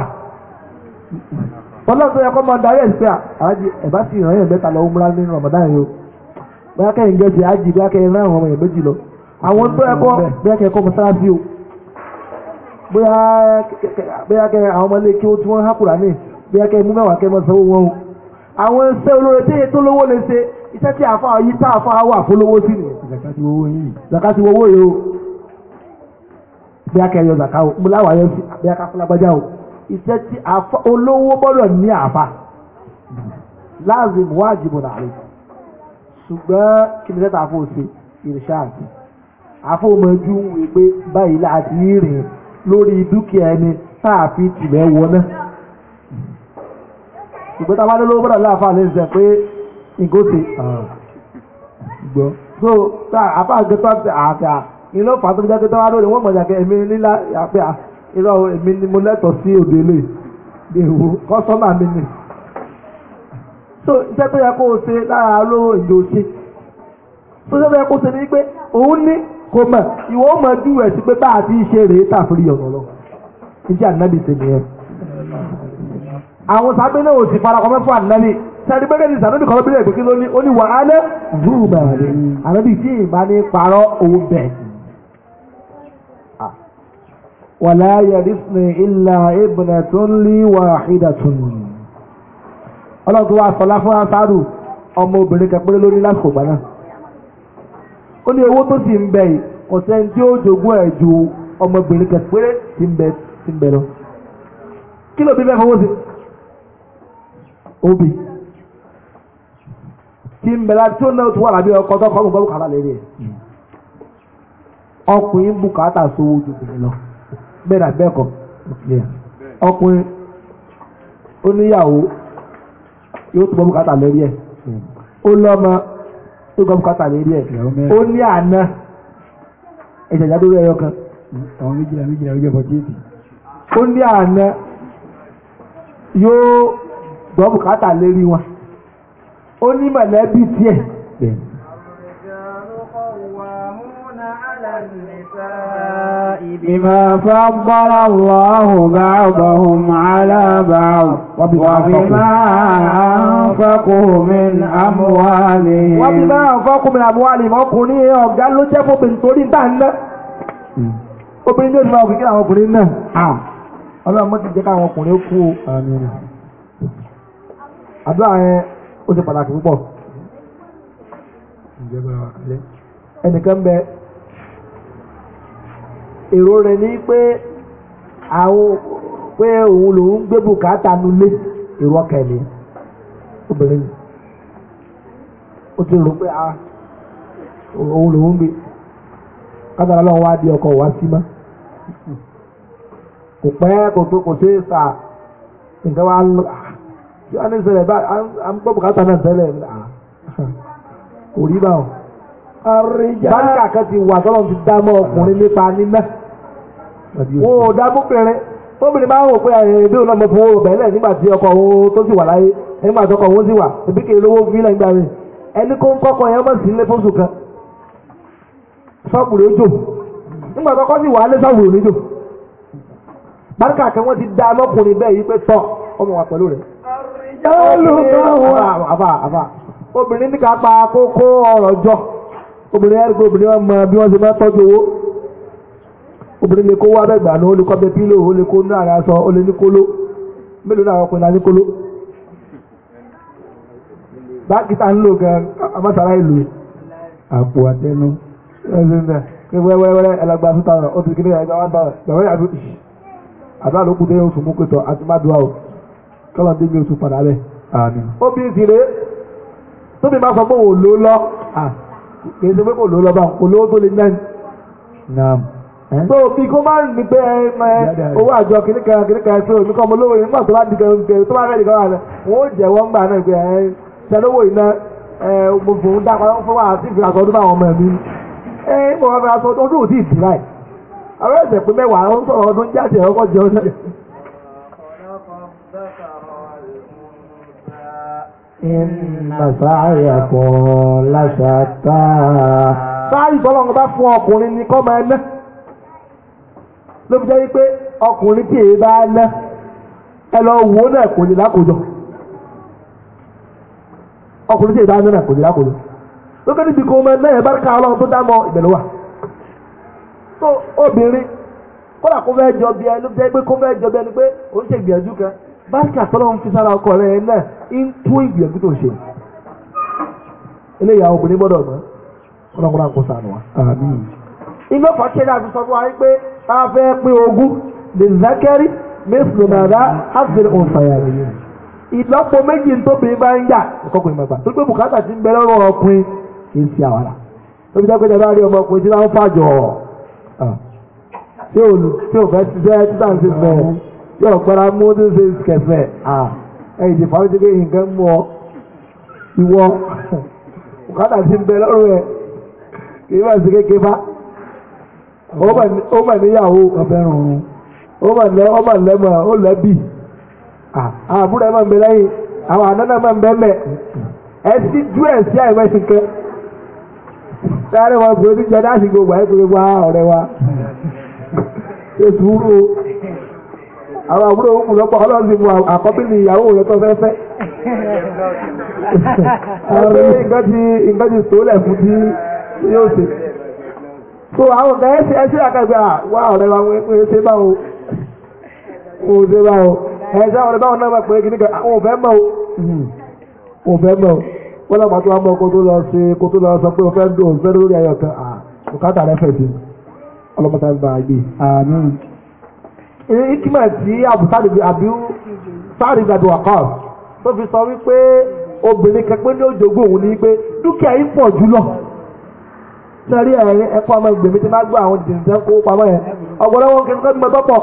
yẹ darí ẹ̀sìn pé àwájú ẹ̀bá sì ràn yẹn mẹ́ta lọ múra o rán àwọn ọmọ yẹn méjì lọ àwọn tó bóyá kẹ àwọn ọmọlé kí ó tí wọ́n hákùrà ní bóyá kẹ mú mẹ́wàá kẹ mọ́ sanwó wọn o àwọn iṣẹ́ olóore tí èyí tó lówó lè ṣe iṣẹ́ tí àfa yìí tá àfa wà fólówó sí ni zakati owó yìí o bóyá kẹ yọ zaka o mo láwàá yọ sí bóyá ká fún lágbájá o iṣẹ́ tí àfa olówó bọ́dọ̀ ní àfa láàzìm wájibù nàlẹ́ ṣùgbọ́n kí ni sẹ́ta àfọ̀ ṣe ìrìṣà àti àfọ̀ ọmọ wípé báyìí láti lórí dúkìá ẹni táàfi tìlẹ̀ wọná ṣùgbọ́n tá a bá dé lówó bọ́dọ̀ láàfáà lè sẹ pé ìgòsè gbọ́ so tá a bá gbé tó àti àkà ìlú ọ̀fà tó jáde tó wá lórí wọ́n mọ̀jà kẹ́ ẹ̀mí nílá àpẹ́ à irọ́ èmi ni mo lẹ́tọ̀ọ́ sí òde lè dèwò kọ́sọ́mà mi nì so iṣẹ́ tó yẹ kó o ṣe lára lówó ìjọ ṣe so iṣẹ́ tó yẹ kó o ṣe ni pé òun ní kó mọ̀ ìwọ mọ̀ júwe sí pé bá a ti ṣe rèé tàfúrí ọ̀nà lọ ìdí ànábì ṣe nìyẹn. àwọn sábẹ́ náà ò sì farakọ mẹ́fọ́ ànábì sẹ́ni gbẹ́gẹ́ ní sànúbì kan bílẹ̀ ìgbésí lónìí ó ní wà á lẹ́ zúùbà rẹ̀ ànábì tí ìbá ní parọ́ òun bẹ̀. wàlá yẹrìsìn ilà ìbùnà tó ń lé wàhídà tó ń ọlọ́run tó wà sọlá fún asáàdù ọmọ obìnrin kan péré lásìkò gbà ó ní owó tó sì ń bẹ yìí kò sẹ́ni tí ó jogún ẹ̀ ju ọmọbìnrin kan péré ti ń bẹ ti ń bẹ lọ. kí ló bí fẹ́ fọwọ́ sí? obì tí ń bẹ̀rẹ̀ tí ó náà tó wà lábẹ́ ọkọ̀ tọ́kọ̀ ọ̀gbọ̀n bùkátà lérí ẹ̀ ọkùnrin bùkátà sówó ju obìnrin lọ bẹ́ẹ̀ náà bẹ́ẹ̀ kọ́ ọkùnrin oníyàwó yóò tó bùkátà lérí ẹ̀ ó lọ́mọ tó gbọ́ lè rí ẹ̀ ó ní àná ẹ̀jẹ̀ ìjádó rẹ̀ àwọn méjìlá méjìlá ní àná yóò lè rí wọn ó ní mọ̀lẹ́bí tiẹ̀. بما فضل الله بعضهم على بعض وبما أنفقوا من أموالهم وبما أنفقوا من أموالهم ọkùnrin ọ̀gá ló jẹ́ fóbin torí dáńdá obìnrin ló máa wíkí àwọn ọkùnrin náà ọlọ́run mọ́ ti jẹ́ káwọn ọkùnrin kú àdúrà yẹn ó ṣe pàtàkì púpọ̀ ẹnìkan bẹ́ẹ̀ èrò rẹ̀ ní pé àwọn pé òun lòun gbé bùkátà nulẹ̀ èrò ọkàn mi obìnrin ó ti rò pé ah, òun lòun gbé kátàlá lọ́wọ́ wá di ọkọ̀ wá sí mọ́ kò pẹ́ kò tó kò ṣe é sà nǹkan wá ah, ń lọ tí wọ́n ní ṣẹlẹ̀ bá à ń gbọ́ bùkátà náà ṣẹlẹ̀ ah, kò rí báwọn. báńkà kan ti wà tọ́lọ́ ti dá mọ́ ọkùnrin nípa níná wọn ò dábò pẹ̀rẹ̀ tóbìnrin bá ń wò pé ẹ̀ẹ́dẹ́ ọlọ́mọ fún owó bẹ̀rẹ̀ lẹ̀ nígbà tí ọkọ òun tó sì wà láyé nígbà tí ọkọ òun sì wà ẹbí kì í lówó fílẹ̀ nígbà rẹ̀ ẹni kó ń kọ́kọ́ yẹn mọ̀ sí ilé fóṣù kan sọ́ọ̀bù rẹ̀ jò nígbà tó kọ́ sí wà á lé sọ́ọ̀bù rẹ̀ jò báríkà kan wọ́n ti dá lọ́kùnrin bẹ́ẹ̀ yí pé tọ́ ọmọ wa pẹ̀lú rẹ̀. obìnrin ní ká pa kókó ọ̀rọ̀ jọ obìnrin obìnrin lè kó wá bẹ́gbà ní ó lè kọ́ bẹ pílò ó lè kó ní ara sọ ó lè ní kóló mélòó náà ọkùnrin náà ní kóló báàkì tá ń lò gan amásàrá ìlú àpò àtẹnu wẹ́wẹ́wẹ́rẹ́ ẹlẹgbà tó tààrà ó ti kí ní ẹgbà wọn tààrà gbàwé àti òtì àbá ló o kọ́lọ̀ dé mi oṣù padà rẹ̀ àmín óbí ti rè tóbi máa sọ pé òun ló lọ kì í ṣe pé kò ló lọ bá òun lówó tó tó fi kó máa ń gbé owó àjọ kìnnìkan kìnnìkan ṣe òní kan mo lówó yìí nígbà tó bá di gẹ̀rẹ́ tó bá rẹ̀ nìkan wà wọ́n jẹ̀wọ́ ń gbà náà ṣẹlówó ń fún wa àti ìfìlà sọdún bá àwọn ọmọ ẹ mo wá fẹ́ àwọn ẹ̀sẹ̀ pé mẹ́wàá ń sọ̀rọ̀ ọdún jáde ọkọ̀ ló fi jẹ́ wípé ọkùnrin tí èyí bá ná ẹlọ lọ wò ó náà kò ní lákòjọ ọkùnrin tí èyí bá ná náà kò ní lákòjọ níbi náà ọlọ́run tó dámọ̀ ìbẹ̀rù wà obìnrin kó fẹ́ jọ bí ẹ ló fi jẹ́ kó fẹ́ jọ bí ẹni pé ó ń ṣe ìgbìyànjú kan báńkì àtọ́lọ́run fi sára ọkọ náà ń ìgbìyànjú tó ṣe gbọ́dọ̀ mọ́ ọlọ́run sànù a fẹ́ pín ogún lè zákẹ́rí mẹ́sùlù nàdá áfíìlì ọ̀sàyà rẹ̀. ìlọ́po méjì tóbi bá ń yà ọkọkùnrin bàbá tó gbé bùkátà ti ń bẹ lọ́rọ̀ ọkùnrin kì í ṣe àwàrà tó fi jákèjá bá rí ọmọkùnrin tí wọ́n fàjọ tí tí ò fẹ́ ti jẹ́ títà ti fẹ́ yóò gbára mú ní ṣe kẹfẹ́ ó mà níyàwó ọ̀bẹ̀rún òun ó mà lẹ́ ó mà lẹ́mọ̀ ó lẹ́bì àbúrò ẹ̀ máa ń bẹ lẹ́yìn àwọn àdáná máa ń bẹ mẹ́ ẹ sí ju ẹ̀ sí àìmẹ́sì kẹ́ sáré wọn pé oníjẹ gbogbo ẹ̀ wá ọ̀rẹ́ wa ṣe sùúrù àwọn àbúrò òun lọ́pọ̀ ọlọ́run ti mú ni ìyàwó rẹ̀ tó ti ti sòólẹ̀ fún yóò so àwọn ọ̀gá ẹ̀ṣẹ̀ ẹ̀ṣẹ̀ àkàgbà ah, wà ọ̀rẹ́ wa wọ́n ṣe bá wọn wọ́n ṣe bá wọn ẹ̀ṣẹ̀ ọ̀rẹ́ báwọn náà máa pè é kí nígbà àwọn òfẹ́ mọ̀ ọ́ òfẹ́ mọ̀ ọ́ wọ́n lọ́mọ tó wá mọ́ kó tó lọ ṣe kó tó lọ sọ pé òfẹ́ ń dùn òfẹ́ lórí ayọ̀ kan àkàtà ah, rẹ̀ fẹ̀ sí ọlọ́mọta ń bá a gbé. ìkímọ̀ tí àbúsáàdì àbí sáàdì gbàdúrà kan tó fi sọ wípé obìnrin kẹpẹ́ ní òjògbó òun ní pé dúkìá yìí pọ̀ sẹ́rí ẹ̀yìn ẹ̀kọ́ ọmọ ìgbèmí tí máa gbọ́ àwọn jìnnìjẹ́ kó pamọ́ yẹn ọ̀gbọ̀dọ̀ wọn kì í sẹ́ni gbọ́dọ̀pọ̀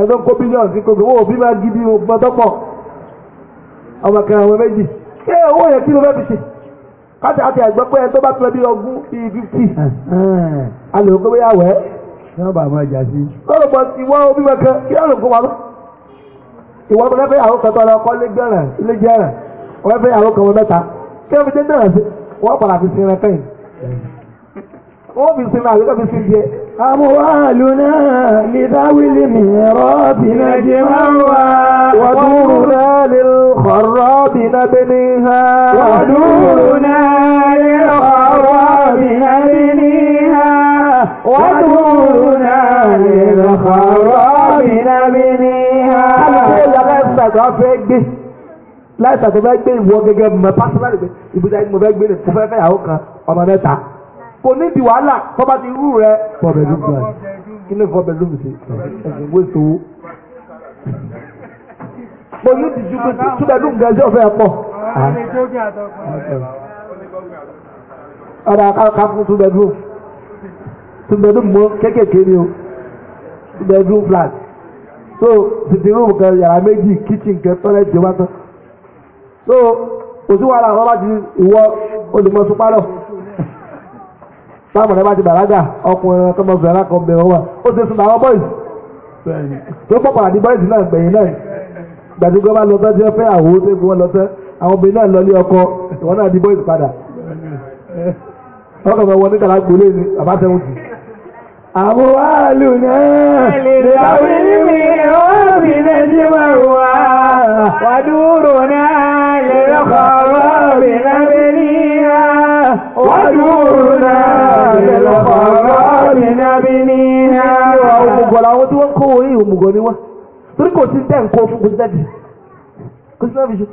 ẹ̀dọ́ kó bílíọ̀nù sí kó gbowó òbí máa gidi gbọ́dọ̀pọ̀ ọmọ kẹrin àwọn méjì ṣé owó yẹn kí ló fẹ́ fi ṣe káti àti ẹ̀gbọ́n pé ẹni tó bá tún ẹbí ogún bíi fifty alẹ́ òkú bóyá wẹ̀ lọ́rọ̀pọ̀ ìwọ òbí máa kan kí lọ́rọ̀ kó wa lọ ìwọ tó lẹ́fẹ̀ẹ́ àwọn kan tó lọ kọ́ lẹ́gbẹ̀rẹ̀ lẹ́gbẹ̀rẹ̀ wọ́n fẹ́ àwọn kan wọn sí wọ́n padà wọ́n fi sinmi àlùkò fi sinmi díẹ̀. أموالنا لذوي الميراث نجمعها ودورنا للخراب نبنيها ودورنا للخراب نبنيها ودورنا للخراب نبنيها láìsàtọ̀ bá gbé ìwọ gẹ́gẹ́ mọ̀ pásítọ̀ láìpẹ́ ibùdó àìmọ̀ gbé ní fẹ́fẹ́ àwọn kan ọmọ mẹ́ta kò ní di wàhálà tó bá ti rú rẹ four bedroom flat kí ló four bedroom sí ẹ̀sìn wé sowó. mo yóò di ju pé two bedroom gan ṣé o fẹ́ pọ̀. ọ̀dà ká fún two bedroom two bedroom mọ́ kékèké ni o two bedroom flat so sitting room kan yàrá méjì kitchen kan tọ́lẹ̀ jẹ́ wá tán so kò sí wàhálà wọn bá ti ìwọ olùmọ̀sùn pálọ̀ táwọn ọ̀rẹ́ bá ti bàlágà ọkùnrin ọ̀rẹ́ kọ́mọ fìlà kan bẹ̀rẹ̀ wà ó ti sùn àwọn boys tó pọ̀ pàdé boys náà gbẹ̀yìn náà gbàtí gbọ́ bá lọ tán tí wọ́n fẹ́ àwo tó fi lọ tán àwọn obìnrin náà lọlé ọkọ ìwọ náà di boys padà ọkọ̀ mọ̀ wọn níta lágbólé ni bàbá sẹ́wọ̀n tì أموالنا للعلم وبنجم ودورنا للخراب نبنيها ودورنا للخراب نبنيها Òmùgọ̀ làwọn tí wọ́n kó orí òmùgọ̀ ni wọ́n. Torí kò sí tẹ́ ǹkọ́ fún Bùsẹ́dì. Bùsẹ́dì ṣe.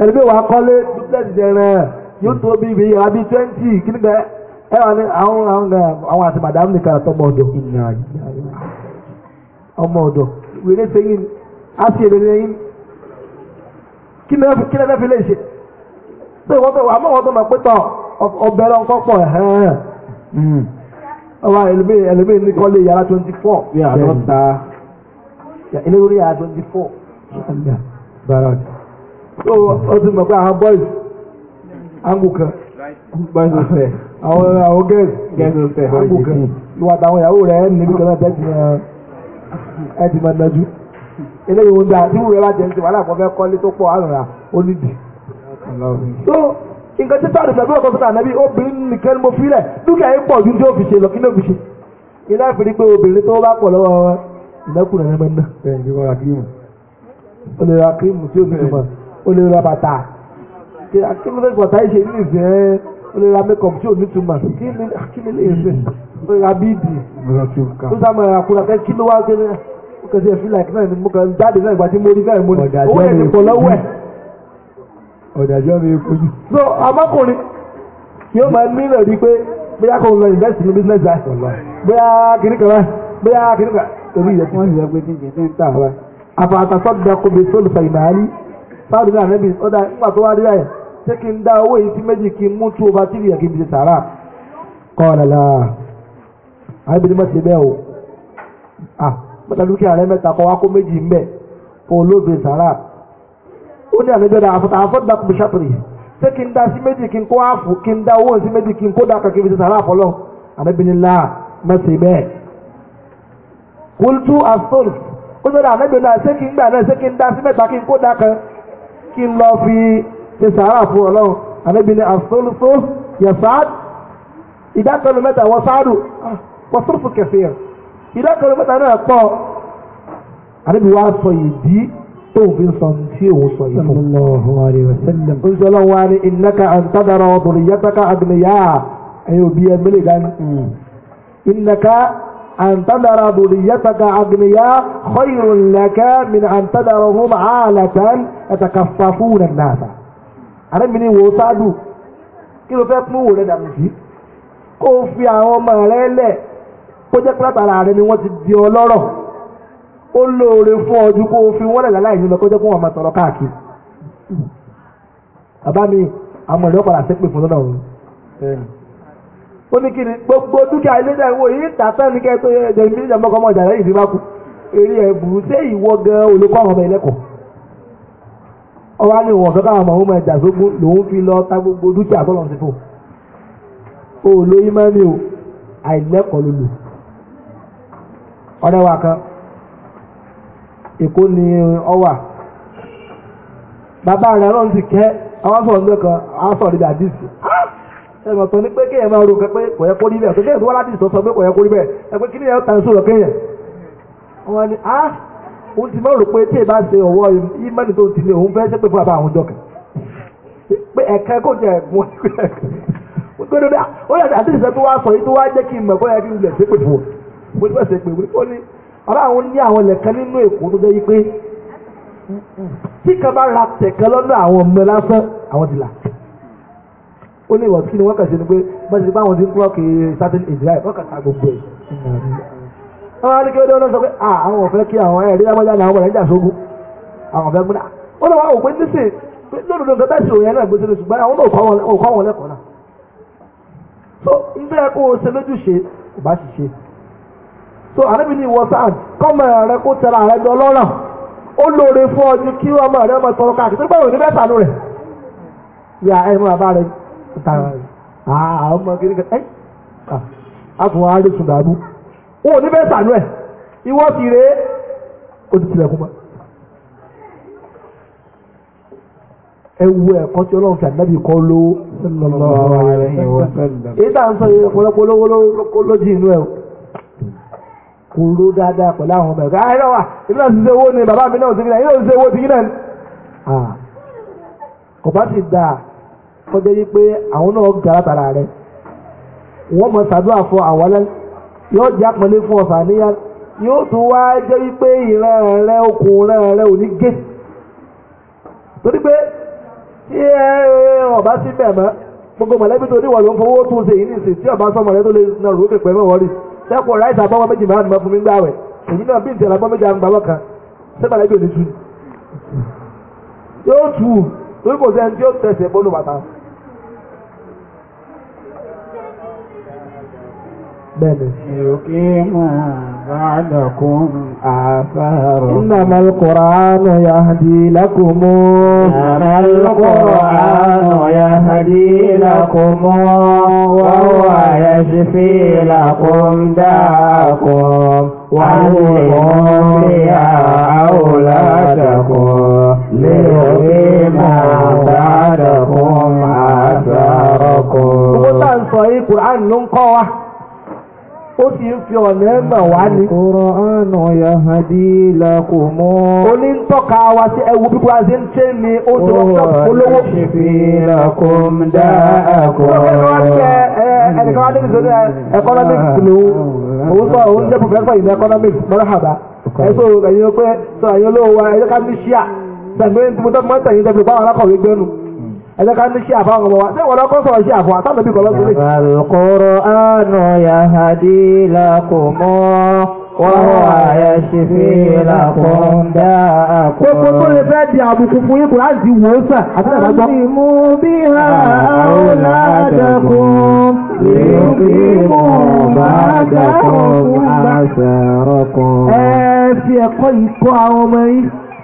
Ẹni bí wàá kọ́lé Bùsẹ́dì jẹrẹ twenty kí nígbà ẹ wà ní àwọn àwọn àti madam nìkan àti ọmọ ọ̀dọ̀ ọmọ ọ̀dọ̀ wèrè sẹ́yìn á sì èrè lẹ́yìn kí lẹ́fẹ́ fi lè ṣe pé wọ́n tó àmọ́ wọ́n tó máa pé tán ọbẹ̀ lọ kọ́ pọ̀ ẹ̀hẹ́n hmm. ọba ẹlòmíì ní kọ́lé yàrá twenty four yàrá ta ilé orí yàrá twenty four so ó ti mọ̀ pé àwọn boys angu kan boys ọ̀sẹ̀. àwọn àwọn gẹ́ẹ̀sì agbókan ìwà àtàwọn ìyàwó rẹ̀ ẹ̀ níbi kan náà tẹ́tì uh, ẹ̀ ti máa nájú eléyìí wọn dà tí wúrẹ́ bá jẹ́ ti wàhálà kan fẹ́ kọ́lé tó pọ̀ àrùn rà ó nídìí. tó nǹkan títọ́ àdùnnà bí ọkọ̀ sọ́tà ànábì obìnrin nìkan ni mo fi lẹ̀ dúkìá yìí pọ̀ ju tí ó fi ṣe lọ kí ló fi ṣe. ilé ìfìdí pé obìnrin tó bá pọ̀ lọ́wọ́ wọn ìnákùnà ní ẹgbẹ́ náà. bẹ́ẹ̀ ni wọ́n ra kírímù. o lè ra kírímù tí o fi lè mọ̀ o lè ra bàtà. kí ló fẹ́ bàtà yìí ṣe ní ó lè ra makeup tí ò ní túmọ̀ kí ni kí ni lè ṣe ó lè ra bíìdì tó sá máa ra kúra kí ló wá kéré ni mo kàn jáde náà ìgbà tí mo rí káyọ̀ mo ní owó ẹ̀ ní pọ̀ lọ́wọ́ ẹ̀. kojú. so amákùnrin yóò máa ní ìrẹ̀ rí pé bóyá kò ń lọ invest ní business life bóyá kìnnì kan bóyá kìnnì kan torí ìyẹn tí wọ́n yẹ pé jíjìn ní ta àwọn àfàtàtọ́ gbẹ kó bẹ sólùfẹ̀ ìmọ̀ àlí sáà ṣé kí n dá owó yìí sí méjì kí n mú tú ọba tí ìyà kí n fi sàrà kọ́ ọ̀làlà àbí ni mo ṣe bẹ́ẹ̀ o à mẹ́ta dúkìá rẹ mẹ́ta kọ́ wá kó méjì ń bẹ̀ fún olóògbé sàrà ó ní àlejò dáa àfọ̀tà àfọ̀tà kò ṣàtúrì ṣé kí n dá sí méjì kí n kó àfù kí n dá owó sí méjì kí n kó dá kàkí fi sàrà fọlọ́ àbí ni là mo ṣe bẹ́ẹ̀ kultu asol ó ní àlejò náà ṣé kí n gbà náà ṣé kí n dá sí ṣe sàárà fún ọlọ́run ànábì ní àsọ́lùsọ́ yẹ̀sáàd ìdákanu mẹ́ta wọ́n sáàdù wọ́n sọ́rùfù kẹfì rẹ̀ ìdákanu mẹ́ta náà pọ̀ ànábì wá sọ ìdí tó fi ń sọ tí òun sọ yìí fún. ọ̀sọ̀lọ́ wa ni ìnáka àǹtádàrà ọ̀bùnrin yàtàkà àgbìnìyà ẹ̀yìn òbí ẹ̀ mẹ́lẹ̀ dání. ìnáka أن تذر ذريتك أغنياء خير لك من أن تذرهم عالة يتكففون الناس àrẹ́mi ni wò ó sádùn kí ló fẹ́ pín òwò rẹ̀ dànù sí kó o fi àwọn ọmọ rẹ lẹ̀ kó jẹ́ pátá rẹ ni wọ́n ti di ọlọ́rọ̀ ó lóore fún ọdún kó o fi wọ́n lẹ̀ láláì nílọ kó jẹ́ kó wọ́n máa tọrọ káàkiri bàbá mi àwọn ọ̀dọ́ padà sẹ́pẹ̀ fún lọ́dọ̀ òun ó ní kí ni gbogbo dúkìá ilé náà wò yí tàtà ní kẹ́ẹ́ tó yẹ ẹgbẹ̀rún mílíọ̀nù mọ́kànmọ́ ìjà lẹ́yìn ìdíbàkú eré ẹ̀ burú sí ìwọ gan olùkọ́ àwọn ọmọ ẹlẹ́kọ̀ọ́ ọwá ní ìwọ̀n kọ́kọ́ àwọn ọmọ ẹja sógún lòun fi lọ ta gbogbo dúkìá tó lọ́n sí fún o lóyún máa ní o àìlẹ́kọ̀ọ́ ló lò kan èkó ni ọwà bàbá rẹ̀ lọ́n ti kẹ́ àwọn sọ̀rọ̀ ní ọkàn àwọn sọ̀rọ̀ ah! sọ pé máa ro pé kò yẹ kó rí bẹ́ẹ̀ tó tó wá láti sọ sọ pé òun ti máa rò pé tí èèbá ṣe ọwọ́ ìmọ̀nì tó ti lé òun fẹ́ ṣépè fún bàbá àwọn ọjọ́ kan pé ẹ̀kẹ́ kò jẹ́ ẹ̀gbọ́n gbẹdọdọ ó yàtọ̀ àti ìṣẹ́ tó wá sọ yìí tó wá jẹ́ kí n mọ̀ bóyá kí n lè ṣépè fún ọ mo ti fẹ́ ṣépè wí ó ní bàbá àwọn ní àwọn lẹ̀kẹ́ nínú èkó tó jẹ́ yí pé tí kan bá ra tẹ̀kẹ́ lọ́nà àwọn ọmọ lásán àwọn ti là ó ní ìwọ̀sí ni wọ́n kà ṣe ni pé bá ti bá àwọn ti ń kúrọ́ kì í certain israel wọ́n kà ta wọ́n á ní kí wọ́n lọ sọ pé àwọn ò fẹ́ kí àwọn ẹ̀rí lámọ́já ní àwọn ọmọ rẹ̀ ń jà sógun àwọn ọ̀fẹ́ múná wọ́n lọ wá òpin nísìn lódodo nǹkan bẹ́ẹ̀ sì òyìn náà gbèsè ṣùgbọ́n àwọn náà kọ́ wọn lẹ́kọ̀ọ́ náà so ndé ẹ̀kọ́ ṣe lójúṣe ìbá ṣiṣẹ́ so àníbi ní ìwọ sáà kọ́mọ̀ rẹ kó tẹ̀ra rẹ jọ lọ́rà ó lóore fún ọ ju kí ọmọ rẹ ọmọ tọrọ káàkiri tó gbọ́dọ̀ ní bẹ́ẹ̀ sànú rẹ̀ yà ẹ̀ mú abá rẹ tààrà rẹ̀ àwọn ọmọ wọn ò ní fẹ́ sànú ẹ̀ ìwọ sì rèé ó ti tilẹ̀kùn mọ́. ẹ wo ẹ̀kọ́ tí ọlọ́run fi ànábì kọ́ lówó. èyí tá à ń sọ yìí ọ̀pọ̀lọpọ̀ olówó lójú inú ẹ̀ kò ró dáadáa pẹ̀lú àwọn ọmọ ẹ̀ka ẹ̀rọ wa èmi náà ti ṣe owó ni bàbá mi náà ti ṣe yìí náà ti ṣe owó ti yìí náà ni. kò bá ti dáa kọjá yìí pé àwọn náà gbàrà tara rẹ̀ wọ́n mọ̀ ṣàdúrà fún àwọn alẹ́ yóò já pẹ̀lú fún ọ̀sà níyà yóò tún wá jẹ́ wípé ìrẹ́rìn rẹ okùn rẹ́rìn rẹ ò ní gé torí pé tí ẹ ọ̀bá sí bẹ̀mọ́ gbogbo mọ̀lẹ́bí tó níwọ̀n ló ń fowó tún ṣe yìí nìsín tí ọ̀bá sọmọ rẹ tó lè nà rú pẹ̀pẹ́ mẹ́wọ̀n rí sẹ́kọ̀ ráìsì àbọ̀wọ́ méjì máa ń mọ́ fún mi gbáwẹ̀ èyí náà bí ìtẹ̀lá bọ́ méjì àgbà lọ́kàn ṣé mọ̀lẹ́bí ò ní tu yóò tu torí kò sẹ́ni tí ó tẹ̀sẹ̀ bọ́ọ̀lù bàtà bẹ́ẹ̀ni. yuqimu ba'dakum àfàrọ̀. innamal qur'anu yahdi lakum. innamal qur'anu yahdi lakum. wa huwa yashfi lakum da'akum. وعليكم بها أولادكم ليقيم بعدكم آثاركم. gbogbo tá à ń sọ yìí kùránì ló ń kọ́ wa ó ti ń fi ọ̀nà ẹ̀ mà wá ní. Kùránù yahadi lakumọ́. ó ní ń tọ́ka wa sí ẹwu bí wàá ṣe ń ṣe ni ó ti wọ́n sọ polówó. ó ṣe fi lakum dá àkọ́. ẹnìkan wá débi sórí ẹkọ́nọ́míkì kìlọ̀ òun sọ òun jẹ́ pòfẹ́sọ̀ ìlú ẹkọ́nọ́míkì lọ́rọ̀ àbá. ẹ sọ ẹ̀yin pé sọ ẹ̀yin olówó wa ẹ̀yin ká ní ṣíà. sàgbé mo tọ́ mọ́tò yìí tẹ́ ẹ̀jẹ̀ ká ní sí àfáwọn ọmọ wa ṣé wọ́n lọ́kọ́ sọ̀rọ̀ sí àfọ̀wà sábà bí kọ́lọ́ sílẹ̀. Al-Qur'anu yahdi ẹ̀kọ́ yìí àwọn ọmọ yìí,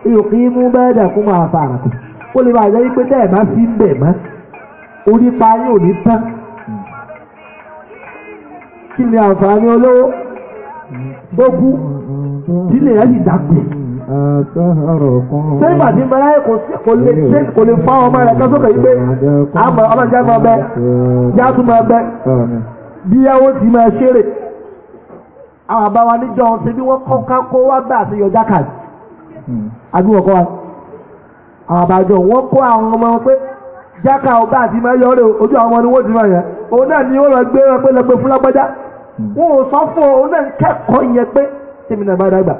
ìyókù yìí mú bẹ́ẹ̀ máa fa àràkùn. ó lè máa jẹ́ wípé tẹ́ ẹ̀ bá fi ń bẹ̀ mọ́ onípa yóò ní tán kí ni àǹfààní olówó gbógú ìdílé ẹ̀ sì dàgbé. sẹ́yìn bàtí bẹ́ẹ̀ láyé kò lè fá ọmọ rẹ̀ kásókè yìí pé àmọ́ ọlọ́jà máa bẹ yá tún máa bẹ bí yàwó ti máa ṣeré àwọn àbáwa níjọ́ ṣe bí wọ́n kọ́ ká kó wá àṣeyọjá kàdí. àbí wa. àbàjọ wọn kó àwọn ọmọ pé jáka ọba àti mẹ́yọ rẹ̀ ojú àwọn ọmọ ni wọ́n ti mọ̀ yẹn òun náà ni ó lọ gbé wọn pé lọ fún lágbájá wọn ò sọ fún òun náà kẹ́kọ̀ọ́ yẹn pé tèmi náà bá dàgbà.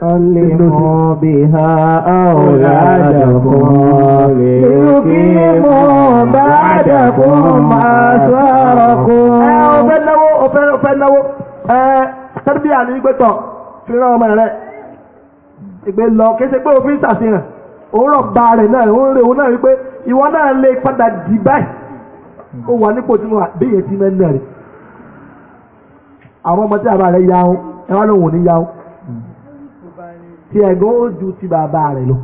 Allimọ̀ bí ha àwòrán-àdàkùn lè kí mọ̀ bá àdàkùn máa sọ àrọ̀kùn. Ẹ ọ̀fẹ́ náwó ọ̀fẹ́ ọ̀fẹ́ náwó ẹ tẹ́lifíà ní gbẹ́tọ̀ fi rán ọmọ rẹ̀ ìgbé lọ kí ṣe pé òfin ṣàfihàn òórọ̀ gba rẹ̀ náà òun rè òun náà wípé ìwọ náà lè padà dì báyìí ó wà nípò tí mo wà bí èyí ti mẹ́rin rẹ̀ àwọn ọmọ tí bàbá rẹ̀ yá wọn ẹ wá lóhùn ní yá wọn tí ẹ̀gbọ́n ó ju ti bàbá rẹ̀ lọ.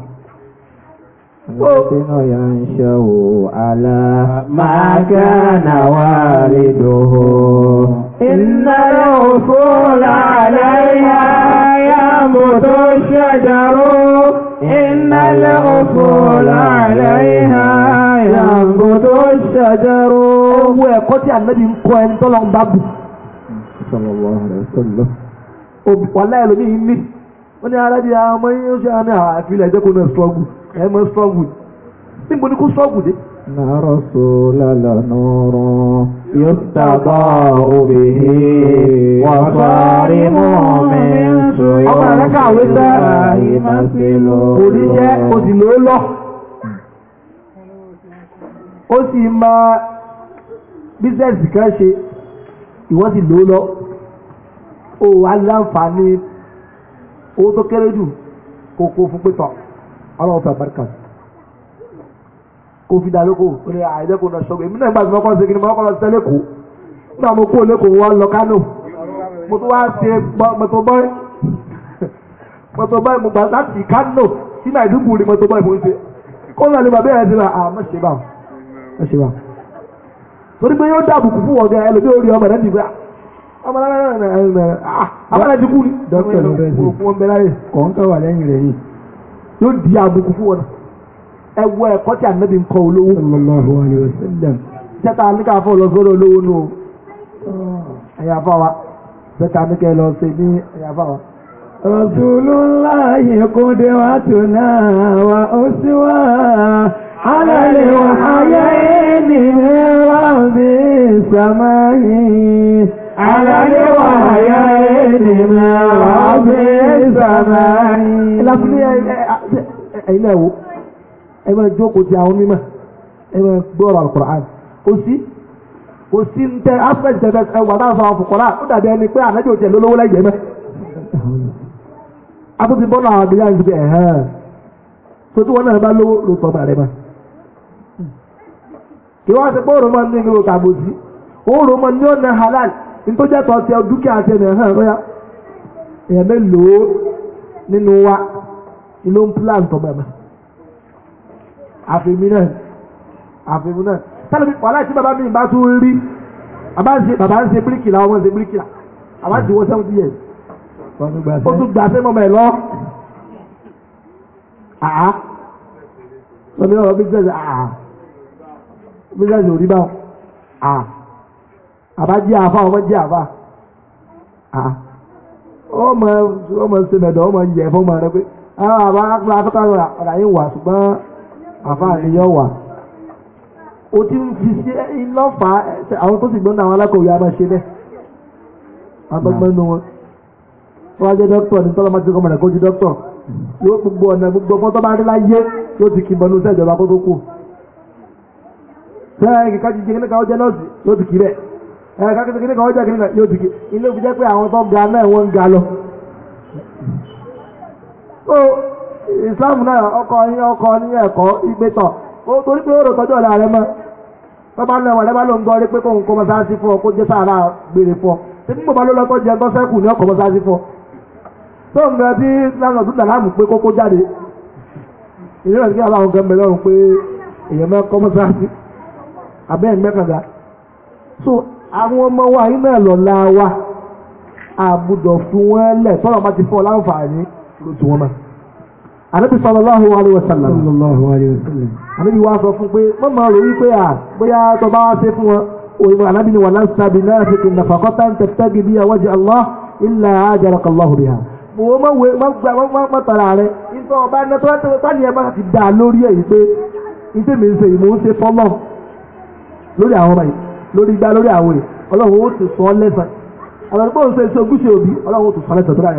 الذين ينشأوا على ما كان والده إن الوصول عليها يموت الشجر العقول عليها ينبت الشجر ẹwọ ẹ̀kọ́ tí ànábì ń kọ́ ẹni tọ́lọ́ ń bá bù. wàlá ẹlòmíì ní wọ́n ní ara di àwọn ọmọ yín ó ṣe àná àfilẹ̀ ẹ̀jẹ̀ kó náà ṣọ́ọ̀gù ẹ̀ mọ́ ṣọ́ọ̀gù níbo ni kó ṣọ́ọ̀gù dé. أن رسول لنور يستضاء به وصارم من سوء الله مثله oríṣẹ́ òsì ló lọ ó sì máa bísẹ̀sì kan ṣe ìwọ́n sì ló lọ ó wá láǹfààní owó tó kéré jù kókó fún pẹ́tọ̀ ọlọ́run fẹ́ kó fi dà lóko ó ní àìdẹ́kùn náà ṣọ́gbọ̀n èmi náà gbà tí mo kọ́ ṣe kí ni mo kọ́ lọ sẹ́lẹ̀ kó nígbà mo kó lẹ́kọ̀ọ́ wọn lọ Kánò mo tún wá ṣe mọ́tò bọ́ì mọ́tò bọ́ì mo gbà láti Kánò sí Maiduguri mọ́tò bọ́ì mo ń ṣe kó náà lè bàbá yẹn ti rà á má ṣe bá má ṣe bá torí pé yóò dáàbò kù fún ọ̀gá ẹlòmí orí ọmọ rẹ nìgbà ah, ọmọ rẹ abala ah, ti kú ni. dókítà ló bẹ ṣe kọ̀ǹkà wà lẹ́yìn rẹ̀ ẹ wọ ẹ̀kọ́ tí ànábì ń kọ́ olówó. sallallahu alayhi wa sallam. sẹ́ta àníkà fún ọlọ́sọ́rọ̀ olówó nù o. ẹ̀yà wa sẹ́ta àníkà ẹ̀ lọ sí ní ẹ̀yà fún wa. rasulullahi qudwatuna wa uswa ala al-wahyayn min rabbi samai. على الوحيين من رب السماء. ẹ máa jókòó ti àwọn mímọ́ ẹ o gbọ́rọ̀ alukur'an kò sí kò sí ń tẹ aspect tẹ ẹ wà náà sọ àwọn ó dàbí ẹni pé ànájì òjẹ lólówó lẹ́yìn mẹ́. àwọn ń ẹ̀hán sotí wọn náà bá lówó ló sọ bàrẹ̀ mọ́. kí wọ́n ti pé òròmọ ní ìlú òròmọ ní ọ̀nà halal ti dúkìá ti ẹ̀hán nínú wa ìlú ń tọ́ àfihàn náà àfihàn náà tẹ́lẹ̀mí wàhálà tí bàbá mi bá tún rí bàbá ń ṣe bíríkìlà ọmọ ń ṣe bíríkìlà àbá ti wọ́n sẹ́wọ́n ti yẹ ó tún gbà sẹ́wọ́n ọmọ ẹ̀ lọ. àá lọ́mí ọ̀rọ̀ bísíǹsì àá bísíǹsì ò rí báwọn àá àbá jẹ́ àfa ọmọ jẹ́ àfa àá ọmọ ọmọ ṣe mẹ́dọ̀ ọmọ yẹ fún ọmọ rẹ pé àwọn àbá akọ́ta ọ̀rọ̀ àyẹ̀wò àṣùgbọ́n àfáà ni wà o ti ń fi sí ìlọ́fà àwọn tó sì gbọ́n àwọn alákòwé a máa ṣe bẹ́ẹ̀ àtọ́gbọ́n inú wọn tó wá jẹ́ dókítọ̀ ní tọ́lọ́mọ́ ti kọ́mọ̀rẹ́ kó ju dókítọ̀ yóò gbogbo ọ̀nà gbogbo ọgbọ́n tó bá rí láyé yóò ti kì bọ́nú sẹ́jọba kó tó kù sẹ́yìn kíkà jíjẹ kíníkà ọjọ́ nọ́ọ̀sì yóò ti kì bẹ́ẹ̀ ẹ̀ka kíníkà ọjọ́ kíníkà yóò ti kì ilé òfin jẹ́ pé àwọn tó ga náà wọ́n ń ga lọ. islam náà ọkọ ní ọkọ ní ẹ̀kọ́ ìgbésọ̀ ó torí pé ó rò tọ́jú ọ̀la rẹ mọ́ tọ́ba náà wà lẹ́bàá ló ń gọ́rí pé kó nǹkan mọ́sáàsì fún ọ kó jẹ́ sàárà ọ bá ló lọ́tọ́ jẹ sẹ́kù ní ọkọ̀ mọ́sáàsì fún ọ tó ń tí lánàá dàlámù pé kókó jáde ìyẹn rẹ̀ aláwọ̀ lọ́rùn pé so àwọn ọmọ wa wa àbùdọ̀ fún wọn lẹ̀ bá ti fọ́ ànábì sallallahu alaihi wasallam ànábì wa sọ fún pé mọ́mọ́ rò wípé à bóyá tó bá wá sí fún wọn òyìnbó ànábì ni wàlá sábì náà fi kìnnà fàkọ́tà ń tẹ̀tẹ́gì bí wajha Allah illa ajaraka Allahu biha mo mọ̀ wé mọ̀ tara rẹ̀ nítorí ọba náà tó bá tẹ̀wé pàdé ẹ̀ bá ti dà lórí ẹ̀ yìí pé iṣẹ́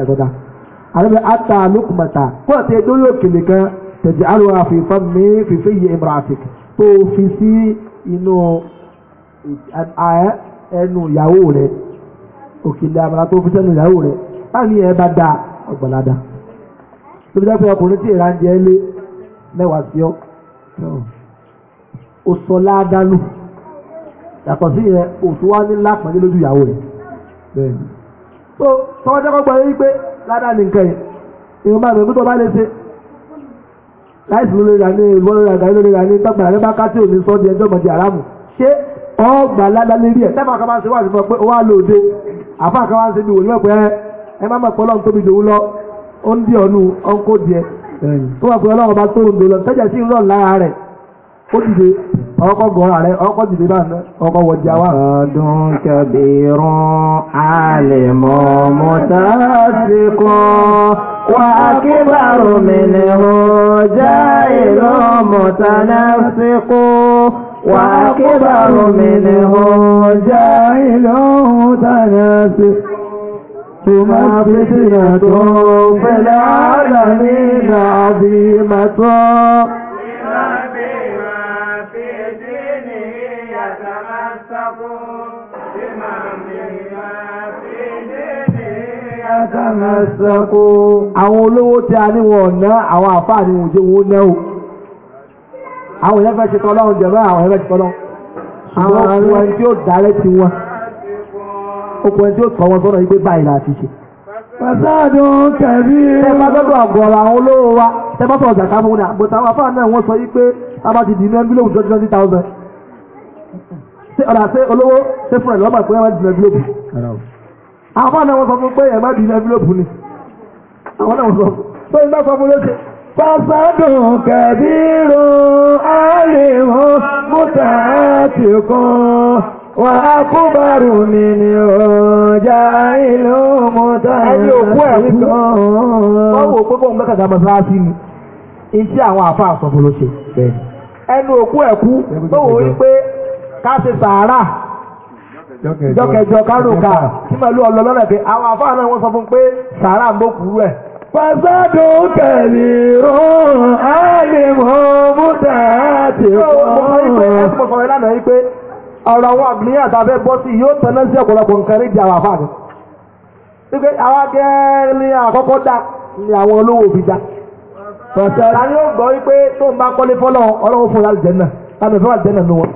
mi ń àlọ́bẹ̀ ata alukumata kó àti edori òkèlè kan tẹ̀sí alùwà fìfà mi fìfà yìí imratik tó fi sí inú ẹnu ìyàwó rẹ̀ òkèlè àmàlà tó fi sẹ́nu ìyàwó rẹ̀ báyìí ẹ bá da ọgbàládà tó fi dápẹ́ ọkùnrin tí ìran jẹ́ lé mẹ́wàá sí ọ́ ó sọ ládánù yàtọ̀ sí yẹn òtún wá ní lápàdé lójú ìyàwó rẹ̀ bẹ́ẹ̀ ni so tọ́wọ́ jẹ́ kọ́gbọ́n yẹn pé ládàá ní nǹkan yẹn èèyàn máa bẹ̀rẹ̀ tó bá lè ṣe láìsí ló lè rà ní ìbọn lè rà ní lè rà ní tọ́gbà rẹ bá ká tí ò ní sọ́ di ẹjọ́ mọ̀jì àrámù ṣé ọgbà ládàá lérí ẹ̀ tẹ́fà kan bá ṣe wà sí pé wà lóde àfà kan bá ṣe bí wòlíwẹ̀ pé ẹ má mọ̀ pé ọlọ́run tóbi dòun lọ ó ń dí ọ̀nù ọ̀nkó díẹ̀ tó wà pé ọlọ́run bá tó ń lọ tẹ́jà sí ń rọ̀ lára rẹ̀ ó dìde ọkọ̀ gọ̀ọ́rọ̀ rẹ̀ ọkọ̀ dìde bá ná ọkọ̀ wọ̀jà wà. ọdún kẹbìrún àlèmọ́ mọ́tàásìkún wà kíbàrù mìíràn jẹ́ ìlú mọ́tàásìkún wà kíbàrù mìíràn jẹ́ ìlú mọ́tàásìkún. ثم فتنة في العالمين عظيمة tamassaku. àwọn olówó tí a ní wọn ọ̀nà àwọn àfáà ní wọn jẹ́ wọn náà o. àwọn èèyàn fẹ́ ṣe tán lọ́run jẹ̀mọ́ àwọn èèyàn fẹ́ ṣe tán lọ́run. àwọn ọkùnrin tí ó dárẹ́ ti wọn ọkùnrin tí ó tọ́ wọn sọ́nà yìí pé báyìí láti ṣe. Fasádùn kẹ̀rí. Ṣé bá gbọ́dọ̀ àgọ̀rọ̀ àwọn olówó wa? Ṣé bá sọ̀rọ̀ jàkà múnà? Bùtà àwọn afáà náà wọ́n sọ yí pé a bá ti dìínú ẹ́ńbílòbù twenty twenty thousand. Ṣé ọ̀là ṣé olówó ṣé fúnra ẹ̀ lọ́mọ̀ pé wọ́n ti dìínú ẹ́ńbílòbù? àwọn náà wọ́n sọ fún pé ẹ̀má di ẹ̀fílọ́pù ni àwọn náà wọ́n sọ fún pé ẹ̀má sọ fún lóṣè. Fasádùn kẹ̀bírù àlèhùn mútà àti kan wà á bàrù mi ni ọjà ìlú mútà àti kan. Wọ́n wò pé bóun mẹ́kàtà mọ́sálásí ni iṣẹ́ àwọn àfa àsọ̀bọ̀ ló ṣe. Ẹnu òkú ẹ̀kú tó wò ó pé ká ṣe sàárà jọkẹjọ kánùkà tí màálù ọlọlọ́rẹ̀ pé àwọn afáà náà wọ́n sọ fún pé sàárà ń bó kúrú ẹ̀. Fasadu kẹ̀lìrò àlèmọ̀ múdà ti kọ́. Ọ̀rọ̀ àwọn àgbìyàn àtàfẹ́ bọ́ sí yóò tẹ̀lé sí ọ̀pọ̀lọpọ̀ nǹkan rí di àwọn àfáà ni. Wípé àwọn akẹ́rẹ́ ní àkọ́kọ́ dá ni àwọn olówó fi dá. Tàní ó gbọ́ wípé tó ń bá kọ́lé fọ́lọ́ ọlọ́run fún ìyá àlùjẹ́ náà, láti ìfẹ́ àlùjẹ́ náà nù wọn.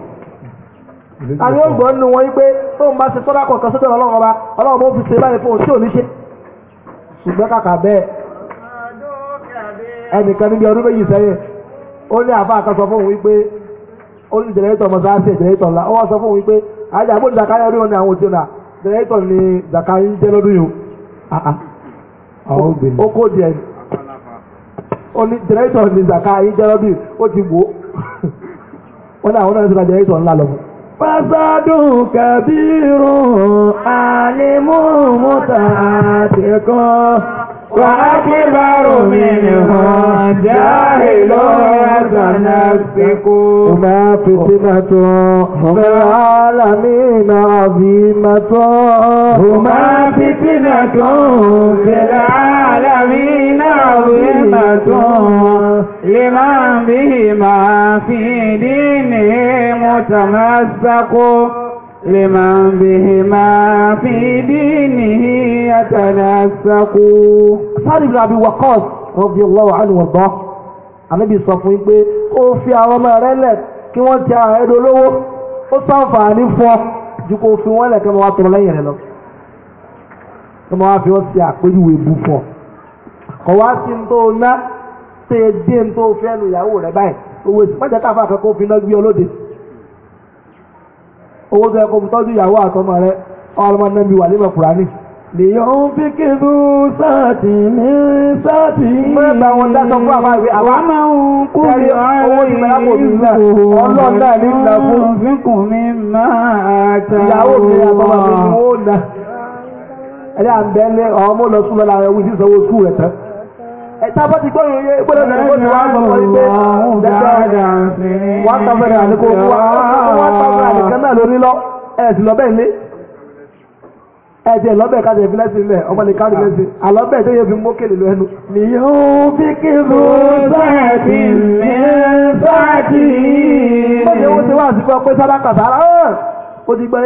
àwọn oge nínú wọn ikpe, tó ń bá ṣe sọ́dá kọ̀ọ̀kan sọ́dọ̀ ọlọ́run ọba ọlọ́run bó fi ṣe báyìí fún òun tí ò ní ṣe ṣùgbọ́n kàkà bẹ́ẹ̀ ẹnìkan níbi ọdún méjì sẹ́yìn ó ní àfa àkàsọ fún òun wípé ó ní jẹnẹrétọ̀ mọ́sáàsì jẹnẹrétọ̀ ńlá ó wá sọ fún òun wípé àjà àbó zakari ọdún wọn ni àwọn náà ni zakari ah, ah. jẹ́ lọ́dún yìí ó kó Fasádùn kàbírùn-ún, àlìmú mọ́ta àtẹ́kọ́. وأكبر منها جاهل وتنفق ما فتنة في العالمين عظيمة هما فتنة في العالمين عظيمة لمن بهما في دينه متمسق لمن بهما في دينه يتنسق Sa'd ibn Abi Waqqas radiyallahu anhu warḍah Ànábì sọ fún pé kó fi àwọn ọmọ rẹ̀ lẹ̀ kí wọ́n ti àwọn ẹ̀dọ́ lówó ó sàǹfààní fún ọ ju kó fi wọ́n lẹ̀ kí wọ́n wá tọrọ lẹ́yìn rẹ̀ lọ kí wọ́n wá fi wọ́n ṣe àpéjúwe bú fún ọ kọ̀ wá sí ní tó ná ṣe é dé ní tó fẹ́ nu ìyàwó rẹ̀ báyìí owó ìsìnkú mẹ́jẹ̀ká fún àkọ́kọ́ fi náà gbé ọlóde sí owó tó yẹ kó fi tọ́jú ìyàwó àtọmọ rẹ ọlọmọ náà bí wà lébẹ̀ kúránì. lèyàn fi kéde sáàtì ní sáàtì. fẹ́ẹ́ bá wọn dáṣọ fún àbá ìwé àbá. wọ́n máa ń kú mi owó ìmọ̀lá kò ní ìlà ọlọ́run náà ní ìlà fún. fínkùn mi máa ta ìyàwó mi àtọmọ mi ni wọ́n ná. ẹ̀rẹ́ à ẹ̀ta ti gbọ́rùn yé gbọ́dọ̀ tẹ̀lé kó lọ lọ́bẹ̀ ilé ẹ̀ tiẹ̀ lọ́bẹ̀ ọmọ lè kárí àlọ́bẹ̀ tó yẹ fi mókè lè ẹnu. fi kí ló ni wọ́n ti wá àsìkò ọpẹ́ sádàkà sára hàn ti gbọ́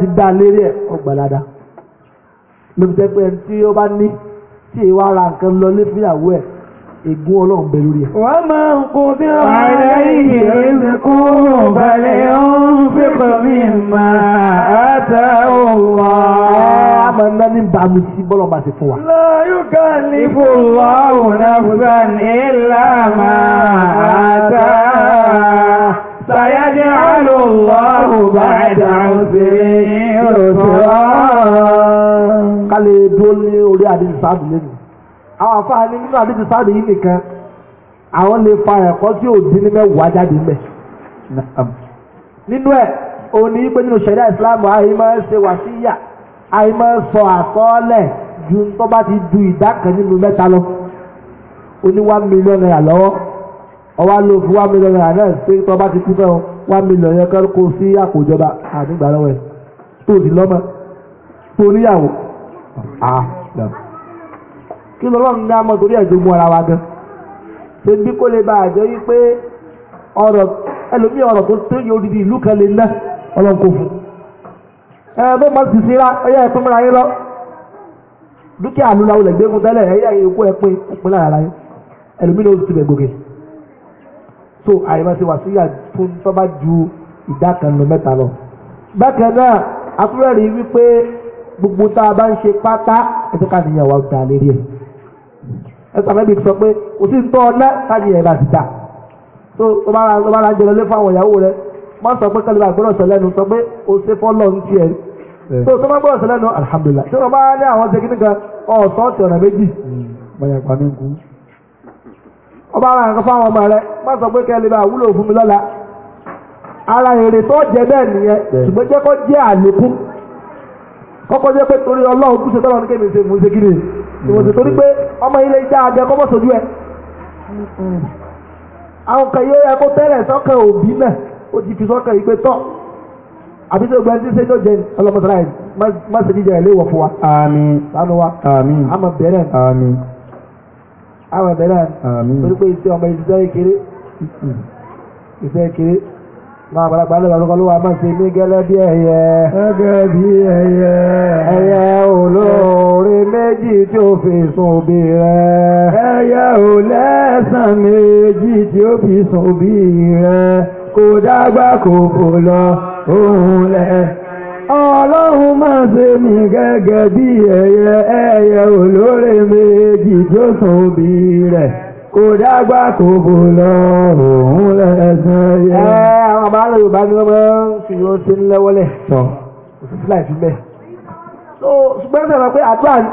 ti dá ẹ̀ ló fi jẹ́ pé ẹni tí ó bá ní tí èèwà ara nǹkan lọ lé fúnyàwó ẹ̀ ègún ọlọ́run bẹ lórí ẹ̀. wọ́n máa ń kó bí wọ́n rẹ̀ yìí èmi kó balẹ̀ òun fipọ̀ mi mà á òwò. àmọ́ iná ní bàmí sí bọ́lọ̀ bá ti fún wa. lọ́yọ̀ kan ní fòlọ́ òun àfúgbà ní làmà á ta. سيجعل الله بعد عسر يسرا ká lè dúró ní orí àdìsí sáàdì lẹ́nu àwọn afáà ní nínú àdìsí sáàdì yìí nìkan àwọn lè fa ẹ̀kọ́ tí ò dín ní mẹ́wàá jáde mẹ́ nínú ẹ̀ òun pé nínú ṣẹ̀dá ìsìláàmù àyè máa ń ṣe wàsíyà àyè máa ń sọ àkọọ́lẹ̀ ju tó bá ti du ìdá kan nínú mẹ́ta lọ ó ní one million naira lọ́wọ́ ọwọ́ ló fún one million naira náà ṣé tó bá ti kú one million yẹn kọ́ kó sí àpòjọba àdúgbà lọ́wọ́ ẹ̀ tó di Ah, kí lọ́lọ́run ní amọ̀ torí ẹ̀jọ̀ mú ara wa gan ṣe bí kó lè bá àjọ yí pé ọ̀rọ̀ ẹlòmíì ọ̀rọ̀ tó tó yẹ ìlú kan lè ná ọlọ́nkò fún ẹ bó máa sì mọ́ra yín lọ dúkìá ló ti bẹ̀ so ti wà síyà fún tọ́ba ju ìdá kan lọ mẹ́ta gbogbo tá a bá ń ṣe pátá ẹ̀sẹ̀ ká nìyẹn wà dá lérí ẹ̀ ẹ̀sẹ̀ àmẹ́bí sọ pé kò sí tọ́ ọ̀nà táyì ẹ̀ bá ti dà tó o bá ra jẹun lé fáwọn ìyàwó rẹ má sọ pé kẹlẹ́ àgbọ̀dọ̀ sọ lẹ́nu sọ pé o ṣe fọ́lọ́ ń tiẹ̀ tó tó má gbọ́dọ̀ sọ lẹ́nu alhamdulillah tí wọ́n bá ní àwọn ṣe kíní kan ọ̀sán ti ọ̀nà méjì mọ̀yàpá hmm. ní kú ọba ara nǹkan fáwọn ọmọ rẹ má sọ pé kẹlẹ́ bá wúlò fún mi lọ́la ara èrè tó jẹ bẹ́ẹ̀ nìyẹn ṣùgbọ́n jẹ́ jẹ́ àlékún kọ́kọ́ jẹ́ pé torí ọlọ́run kú ṣe tọ́lọ́ ní kémi ṣe mú ṣe kí ni ìwọ̀n ṣe torí pé ọmọ ilé ìjà àgẹ kọ́kọ́ sojú ẹ̀. àwọn kan yóò yẹ kó tẹ́lẹ̀ sọ́kàn òbí náà ó ti fi sọ́kàn yìí pé tọ́ àbí tó gbẹ́ ṣíṣe tó jẹ ọlọ́mọsálá yìí má ṣe jíjẹ ẹ̀ léwọ̀ fún wa. àmín sanu wa àmín àmọ̀ bẹ̀rẹ̀ àmín àmọ̀ bẹ̀rẹ̀ àmín torí pé iṣẹ́ ọmọ iṣẹ́ kéré iṣẹ́ kéré Máa pàlàpà lè rọ̀rọ̀ ló wà máa ṣe mí gẹ́lẹ́ bí ẹyẹ. Gẹ́gẹ́ bí ẹyẹ. Ẹyẹ olóore méjì tí ó fi sun òbí rẹ̀. Ẹyẹ ò lẹ́sàn méjì tí ó fi sun òbí rẹ̀. Kò dágbà kò fò lọ òun lẹ̀. Ọlọ́run máa ṣe mí gẹ́gẹ́ bí ẹyẹ. Ẹyẹ olóore méjì tí ó sun òbí rẹ̀ kò dágbà kò bò lọ òun lẹ́sàn yẹ. ẹ àwọn àbá lọ Yorùbá ni wọ́n máa ń fi yóò ṣe ń lẹ́wọ́lẹ̀ sọ òṣìṣẹ́ láì fi bẹ́ẹ̀. so ṣùgbọ́n sọ̀rọ̀ pé àdúrà ni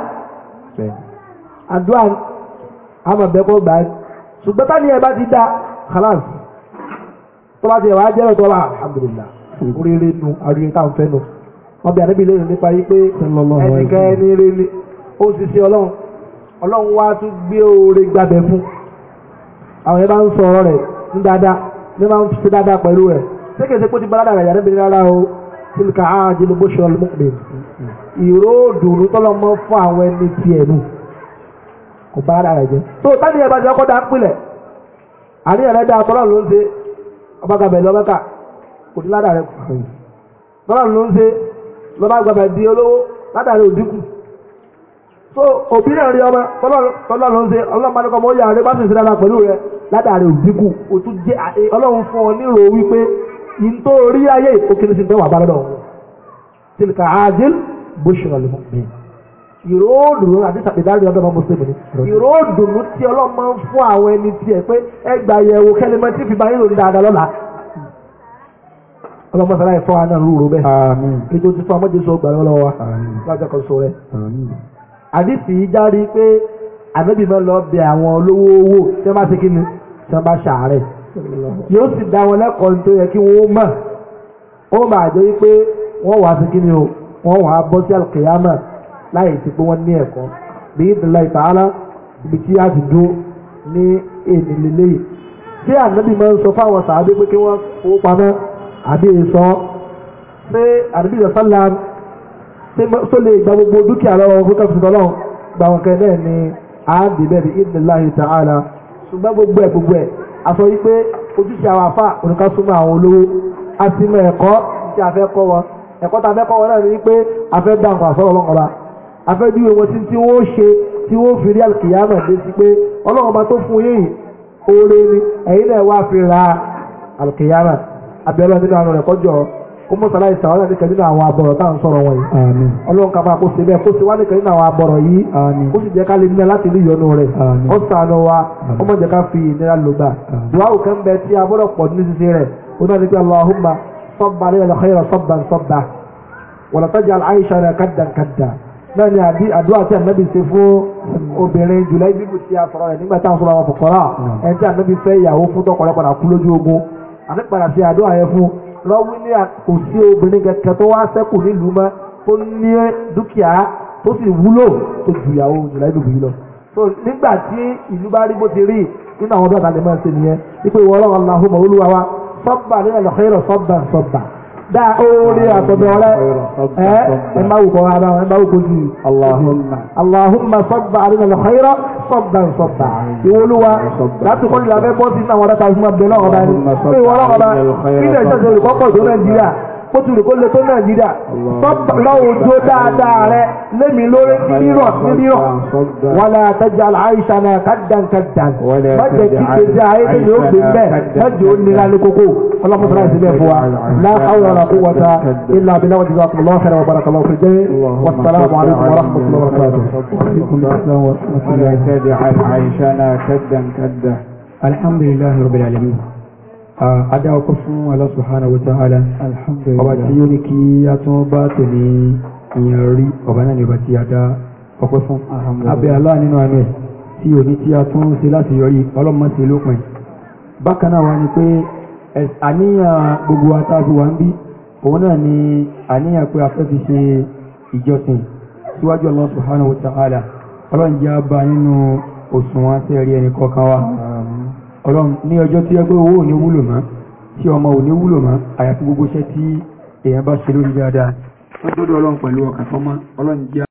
àdúrà ni àmọ̀ bẹ́ẹ̀ kó gbà á ṣùgbọ́n táni ẹ bá ti dá halal tó bá ti ẹ̀wà á jẹ́rọ̀ tó wà alhamdulillah oríire nu àríyìn táwọn fẹ́ nu wọ́n bí àdébí lẹ́yìn nípa yí pé ẹnìkan ẹni rere ó sì ọlọ́run ọlọ́run wá tún gbé oore gbàbẹ̀ fún àwọn yẹn bá ń sọ̀rọ̀ rẹ̀ ń dáadáa ní bá ń fi dada pẹ̀lú rẹ̀ ṣé kìí ṣe ti balada yàrá mi rárá o tilka ajilu bushra lmu'min ìró dùnú tọ́lọ́ mọ́ fún àwọn ẹni tiẹ̀ nù kò balada tó bá ti ọkọ̀ dá pínlẹ̀ àníyàn rẹ̀ dá tọ́lọ́ ló ń ṣe ọba gàbẹ̀ kò ní ládàá kù tọ́lọ́ ló so òbí náà rí ọmọ tọ́lá ló ń ṣe ọlọ́mọdékọ́ mọ́ yà rẹ bá sì sí dáadáa pẹ̀lú rẹ látàrí òdìkù òtún jẹ́ ọlọ́run fún ọ nírò wípé ìntó orí ayé òkèlè sí tẹ́wà bá lọ́dọ̀ ọ̀hún tilka adil bushra lè mú mi ìró òdùnú àti sàbẹ̀dárí ọdọ́ ọmọ mùsùlùmí ni ìró òdùnú tí ọlọ́mọ ń fún àwọn ẹni tí ẹ pé ẹ gbà yẹ̀wò kẹlẹ́mọ tí fìbá yín lòdì dáadáa lọ́la ọlọ́mọ sára ẹ̀fọ́ àná rúurú bẹ́ẹ̀ ètò ti fún ọmọdé sọ gbàrọ́ lọ́wọ́ wa lájọ kan sọ rẹ̀ àdìsí járí pé ànábì máa lọ bẹ àwọn olówó owó tí wọ́n bá ṣe kí ni tí wọ́n bá ṣàárẹ̀ yóò sì dá wọn lẹ́kọ̀ọ́ tó yẹ kí wọ́n mọ̀ ó máa jẹ́ wípé wọ́n wàá ṣe kí ni o wọ́n wàá bọ́ sí àlùkìyámà láì sí pé wọ́n ní ẹ̀kọ́ bí ìdílé ìtàhálà ibi tí a ti dún ní èdè lélẹ́yìí ṣé ànábì máa sọ fáwọn sàábé pé kí wọ́n fowó pamọ́ àbí èso ṣé àdébíyẹ sálàm tó lè gba gbogbo dúkìá lọ́wọ́ fún kẹfì tọ́lọ́ gba wọn kẹ́lẹ́ ní àádì bẹ́ẹ̀ni ìdíláyé tààlà ṣùgbọ́n gbogbo ẹ̀ gbogbo ẹ̀ àsọ yìí pé ojúṣe àwọn afá òníkà súnmọ́ àwọn olówó àti mọ ẹ̀kọ́ tí a fẹ́ kọ́ wọn ẹ̀kọ́ tá a fẹ́ kọ́ wọn náà ni pé a fẹ́ dá nǹkan àsọ̀rọ̀ ọlọ́kọ̀ọ́ba a fẹ́ bí wọn tí wọ́n ṣe tí wọ́n fi rí àlùkìyàmọ̀ dé sí pé ọlọ́kọ̀ọ́ba tó fún yín oore ni ẹ̀yin náà wá fi ra kó mọ́sálá ìsàn ọ̀rẹ́ nìkan nínú àwọn abọ̀rọ̀ tá à ń sọ̀rọ̀ wọ̀nyí. àmín. ọlọ́run ká máa kó ṣe bẹ́ẹ̀ kó ṣe wá nìkan nínú àwọn abọ̀rọ̀ yìí. àmín. sì jẹ́ ká lè nílẹ̀ láti rí ìyọnu rẹ̀. ó ṣàánú wa ó mọ̀ ká fi ìnira lò gbà. dùwà òkè ń bẹ tí a bọ́dọ̀ pọ̀ ní ṣiṣẹ́ rẹ̀ ó náà ní pé Allahumma sabba lẹ́yìn al-khayra sabban sabba wala taj'al 'ayshana kaddan kadda náà ni àdúrà tí ànábì ṣe fún obìnrin jùlọ ibíbù tí a sọ̀rọ̀ rẹ̀ nígbà tá à ń sọ̀rọ̀ àwọn fòkòrò ẹ̀ tí ànábì fẹ́ ìyàwó lọ́wọ́ ní kò sí obìnrin kankan tó wá sẹ́kù nílùú mọ́ tó ní dúkìá tó sì wúlò tó ju ìyàwó jùlọ ìlú yìí lọ. so nígbà tí ìlú bá rí bó ti rí nínú àwọn bàbá lè máa ṣe nìyẹn wípé ìwọ ọlọ́run aláhùn olúwa wa sọ́bà nínú àlọ́kẹ́rọ̀ sọ́bà sọ́bà dá oore àtọ̀dọ̀ rẹ ẹ ẹ má wù kọ́ ara ẹ má wù kọ́ jù. Allahumma Allahumma sọ́gbà àdínà lè xayírọ́ sọ́gbà sọ́gbà. Ìwolúwa láti kọ́ ìlànà bẹ́ẹ̀ bọ́ sí náà wọn rẹ̀ ta fún ma bẹ̀rẹ̀ ọ̀rọ̀ bá yẹn. Ìwọ́n ọ̀rọ̀ bá kí ni ẹ̀ṣẹ̀ ṣe olùkọ́kọ̀ tó Nàìjíríà ó ti rò kó lè tó nàìjíríà tọ́lá òjò dáadáa rẹ lémi lórí nírọ̀ nírọ̀ wọn là tẹ́jà àìsà náà kádàn kádàn bàjẹ́ kí kejì ayé ni ó gbé mbẹ́ bàjẹ́ ó nira ní kókó ọlọ́mọdé láti bẹ́ẹ̀ fún wa láàárọ̀ ọ̀rọ̀ àkó wọta ilà abiláwọ̀ jù wàkùn lọ́wọ́ fẹ́rẹ̀ wàbàrà kọlọ́ fún jẹ́ wàsálàmù alaykum wa rahmatullahi wa adá ọkọ̀ fún Allah subhanahu wa ta'ala ọba tí ó ní kí a tún bá tẹ̀lé ìyàn rí ọba náà ní ọba tí a dá ọkọ̀ fún abẹ́ Allah nínú àánú ẹ̀ tí òní tí a tún ṣe láti yọrí ọlọ́mọ̀sí lópin bákan náà wá ni pé àníyàn gbogbo atáàbí wa ń bí òun náà ni àníyàn pé a fẹ́ fi ṣe ìjọsìn síwájú Allah subhanahu wa ta'ala ọlọ́njẹ́ bá nínú òṣùwọ̀n tẹ́rí ẹnì kọ̀ọ̀kan wa ọlọ́run ní ọjọ́ tí ẹ pé owó ò ní wúlò mọ́ tí ọmọ ò ní wúlò mọ́ àyàfi gbogbo iṣẹ́ tí èèyàn bá ṣe lórí dáadáa wọ́n tó ọlọ́run pẹ̀lú ọkàn fọ́mọ́ ọlọ́run jẹ́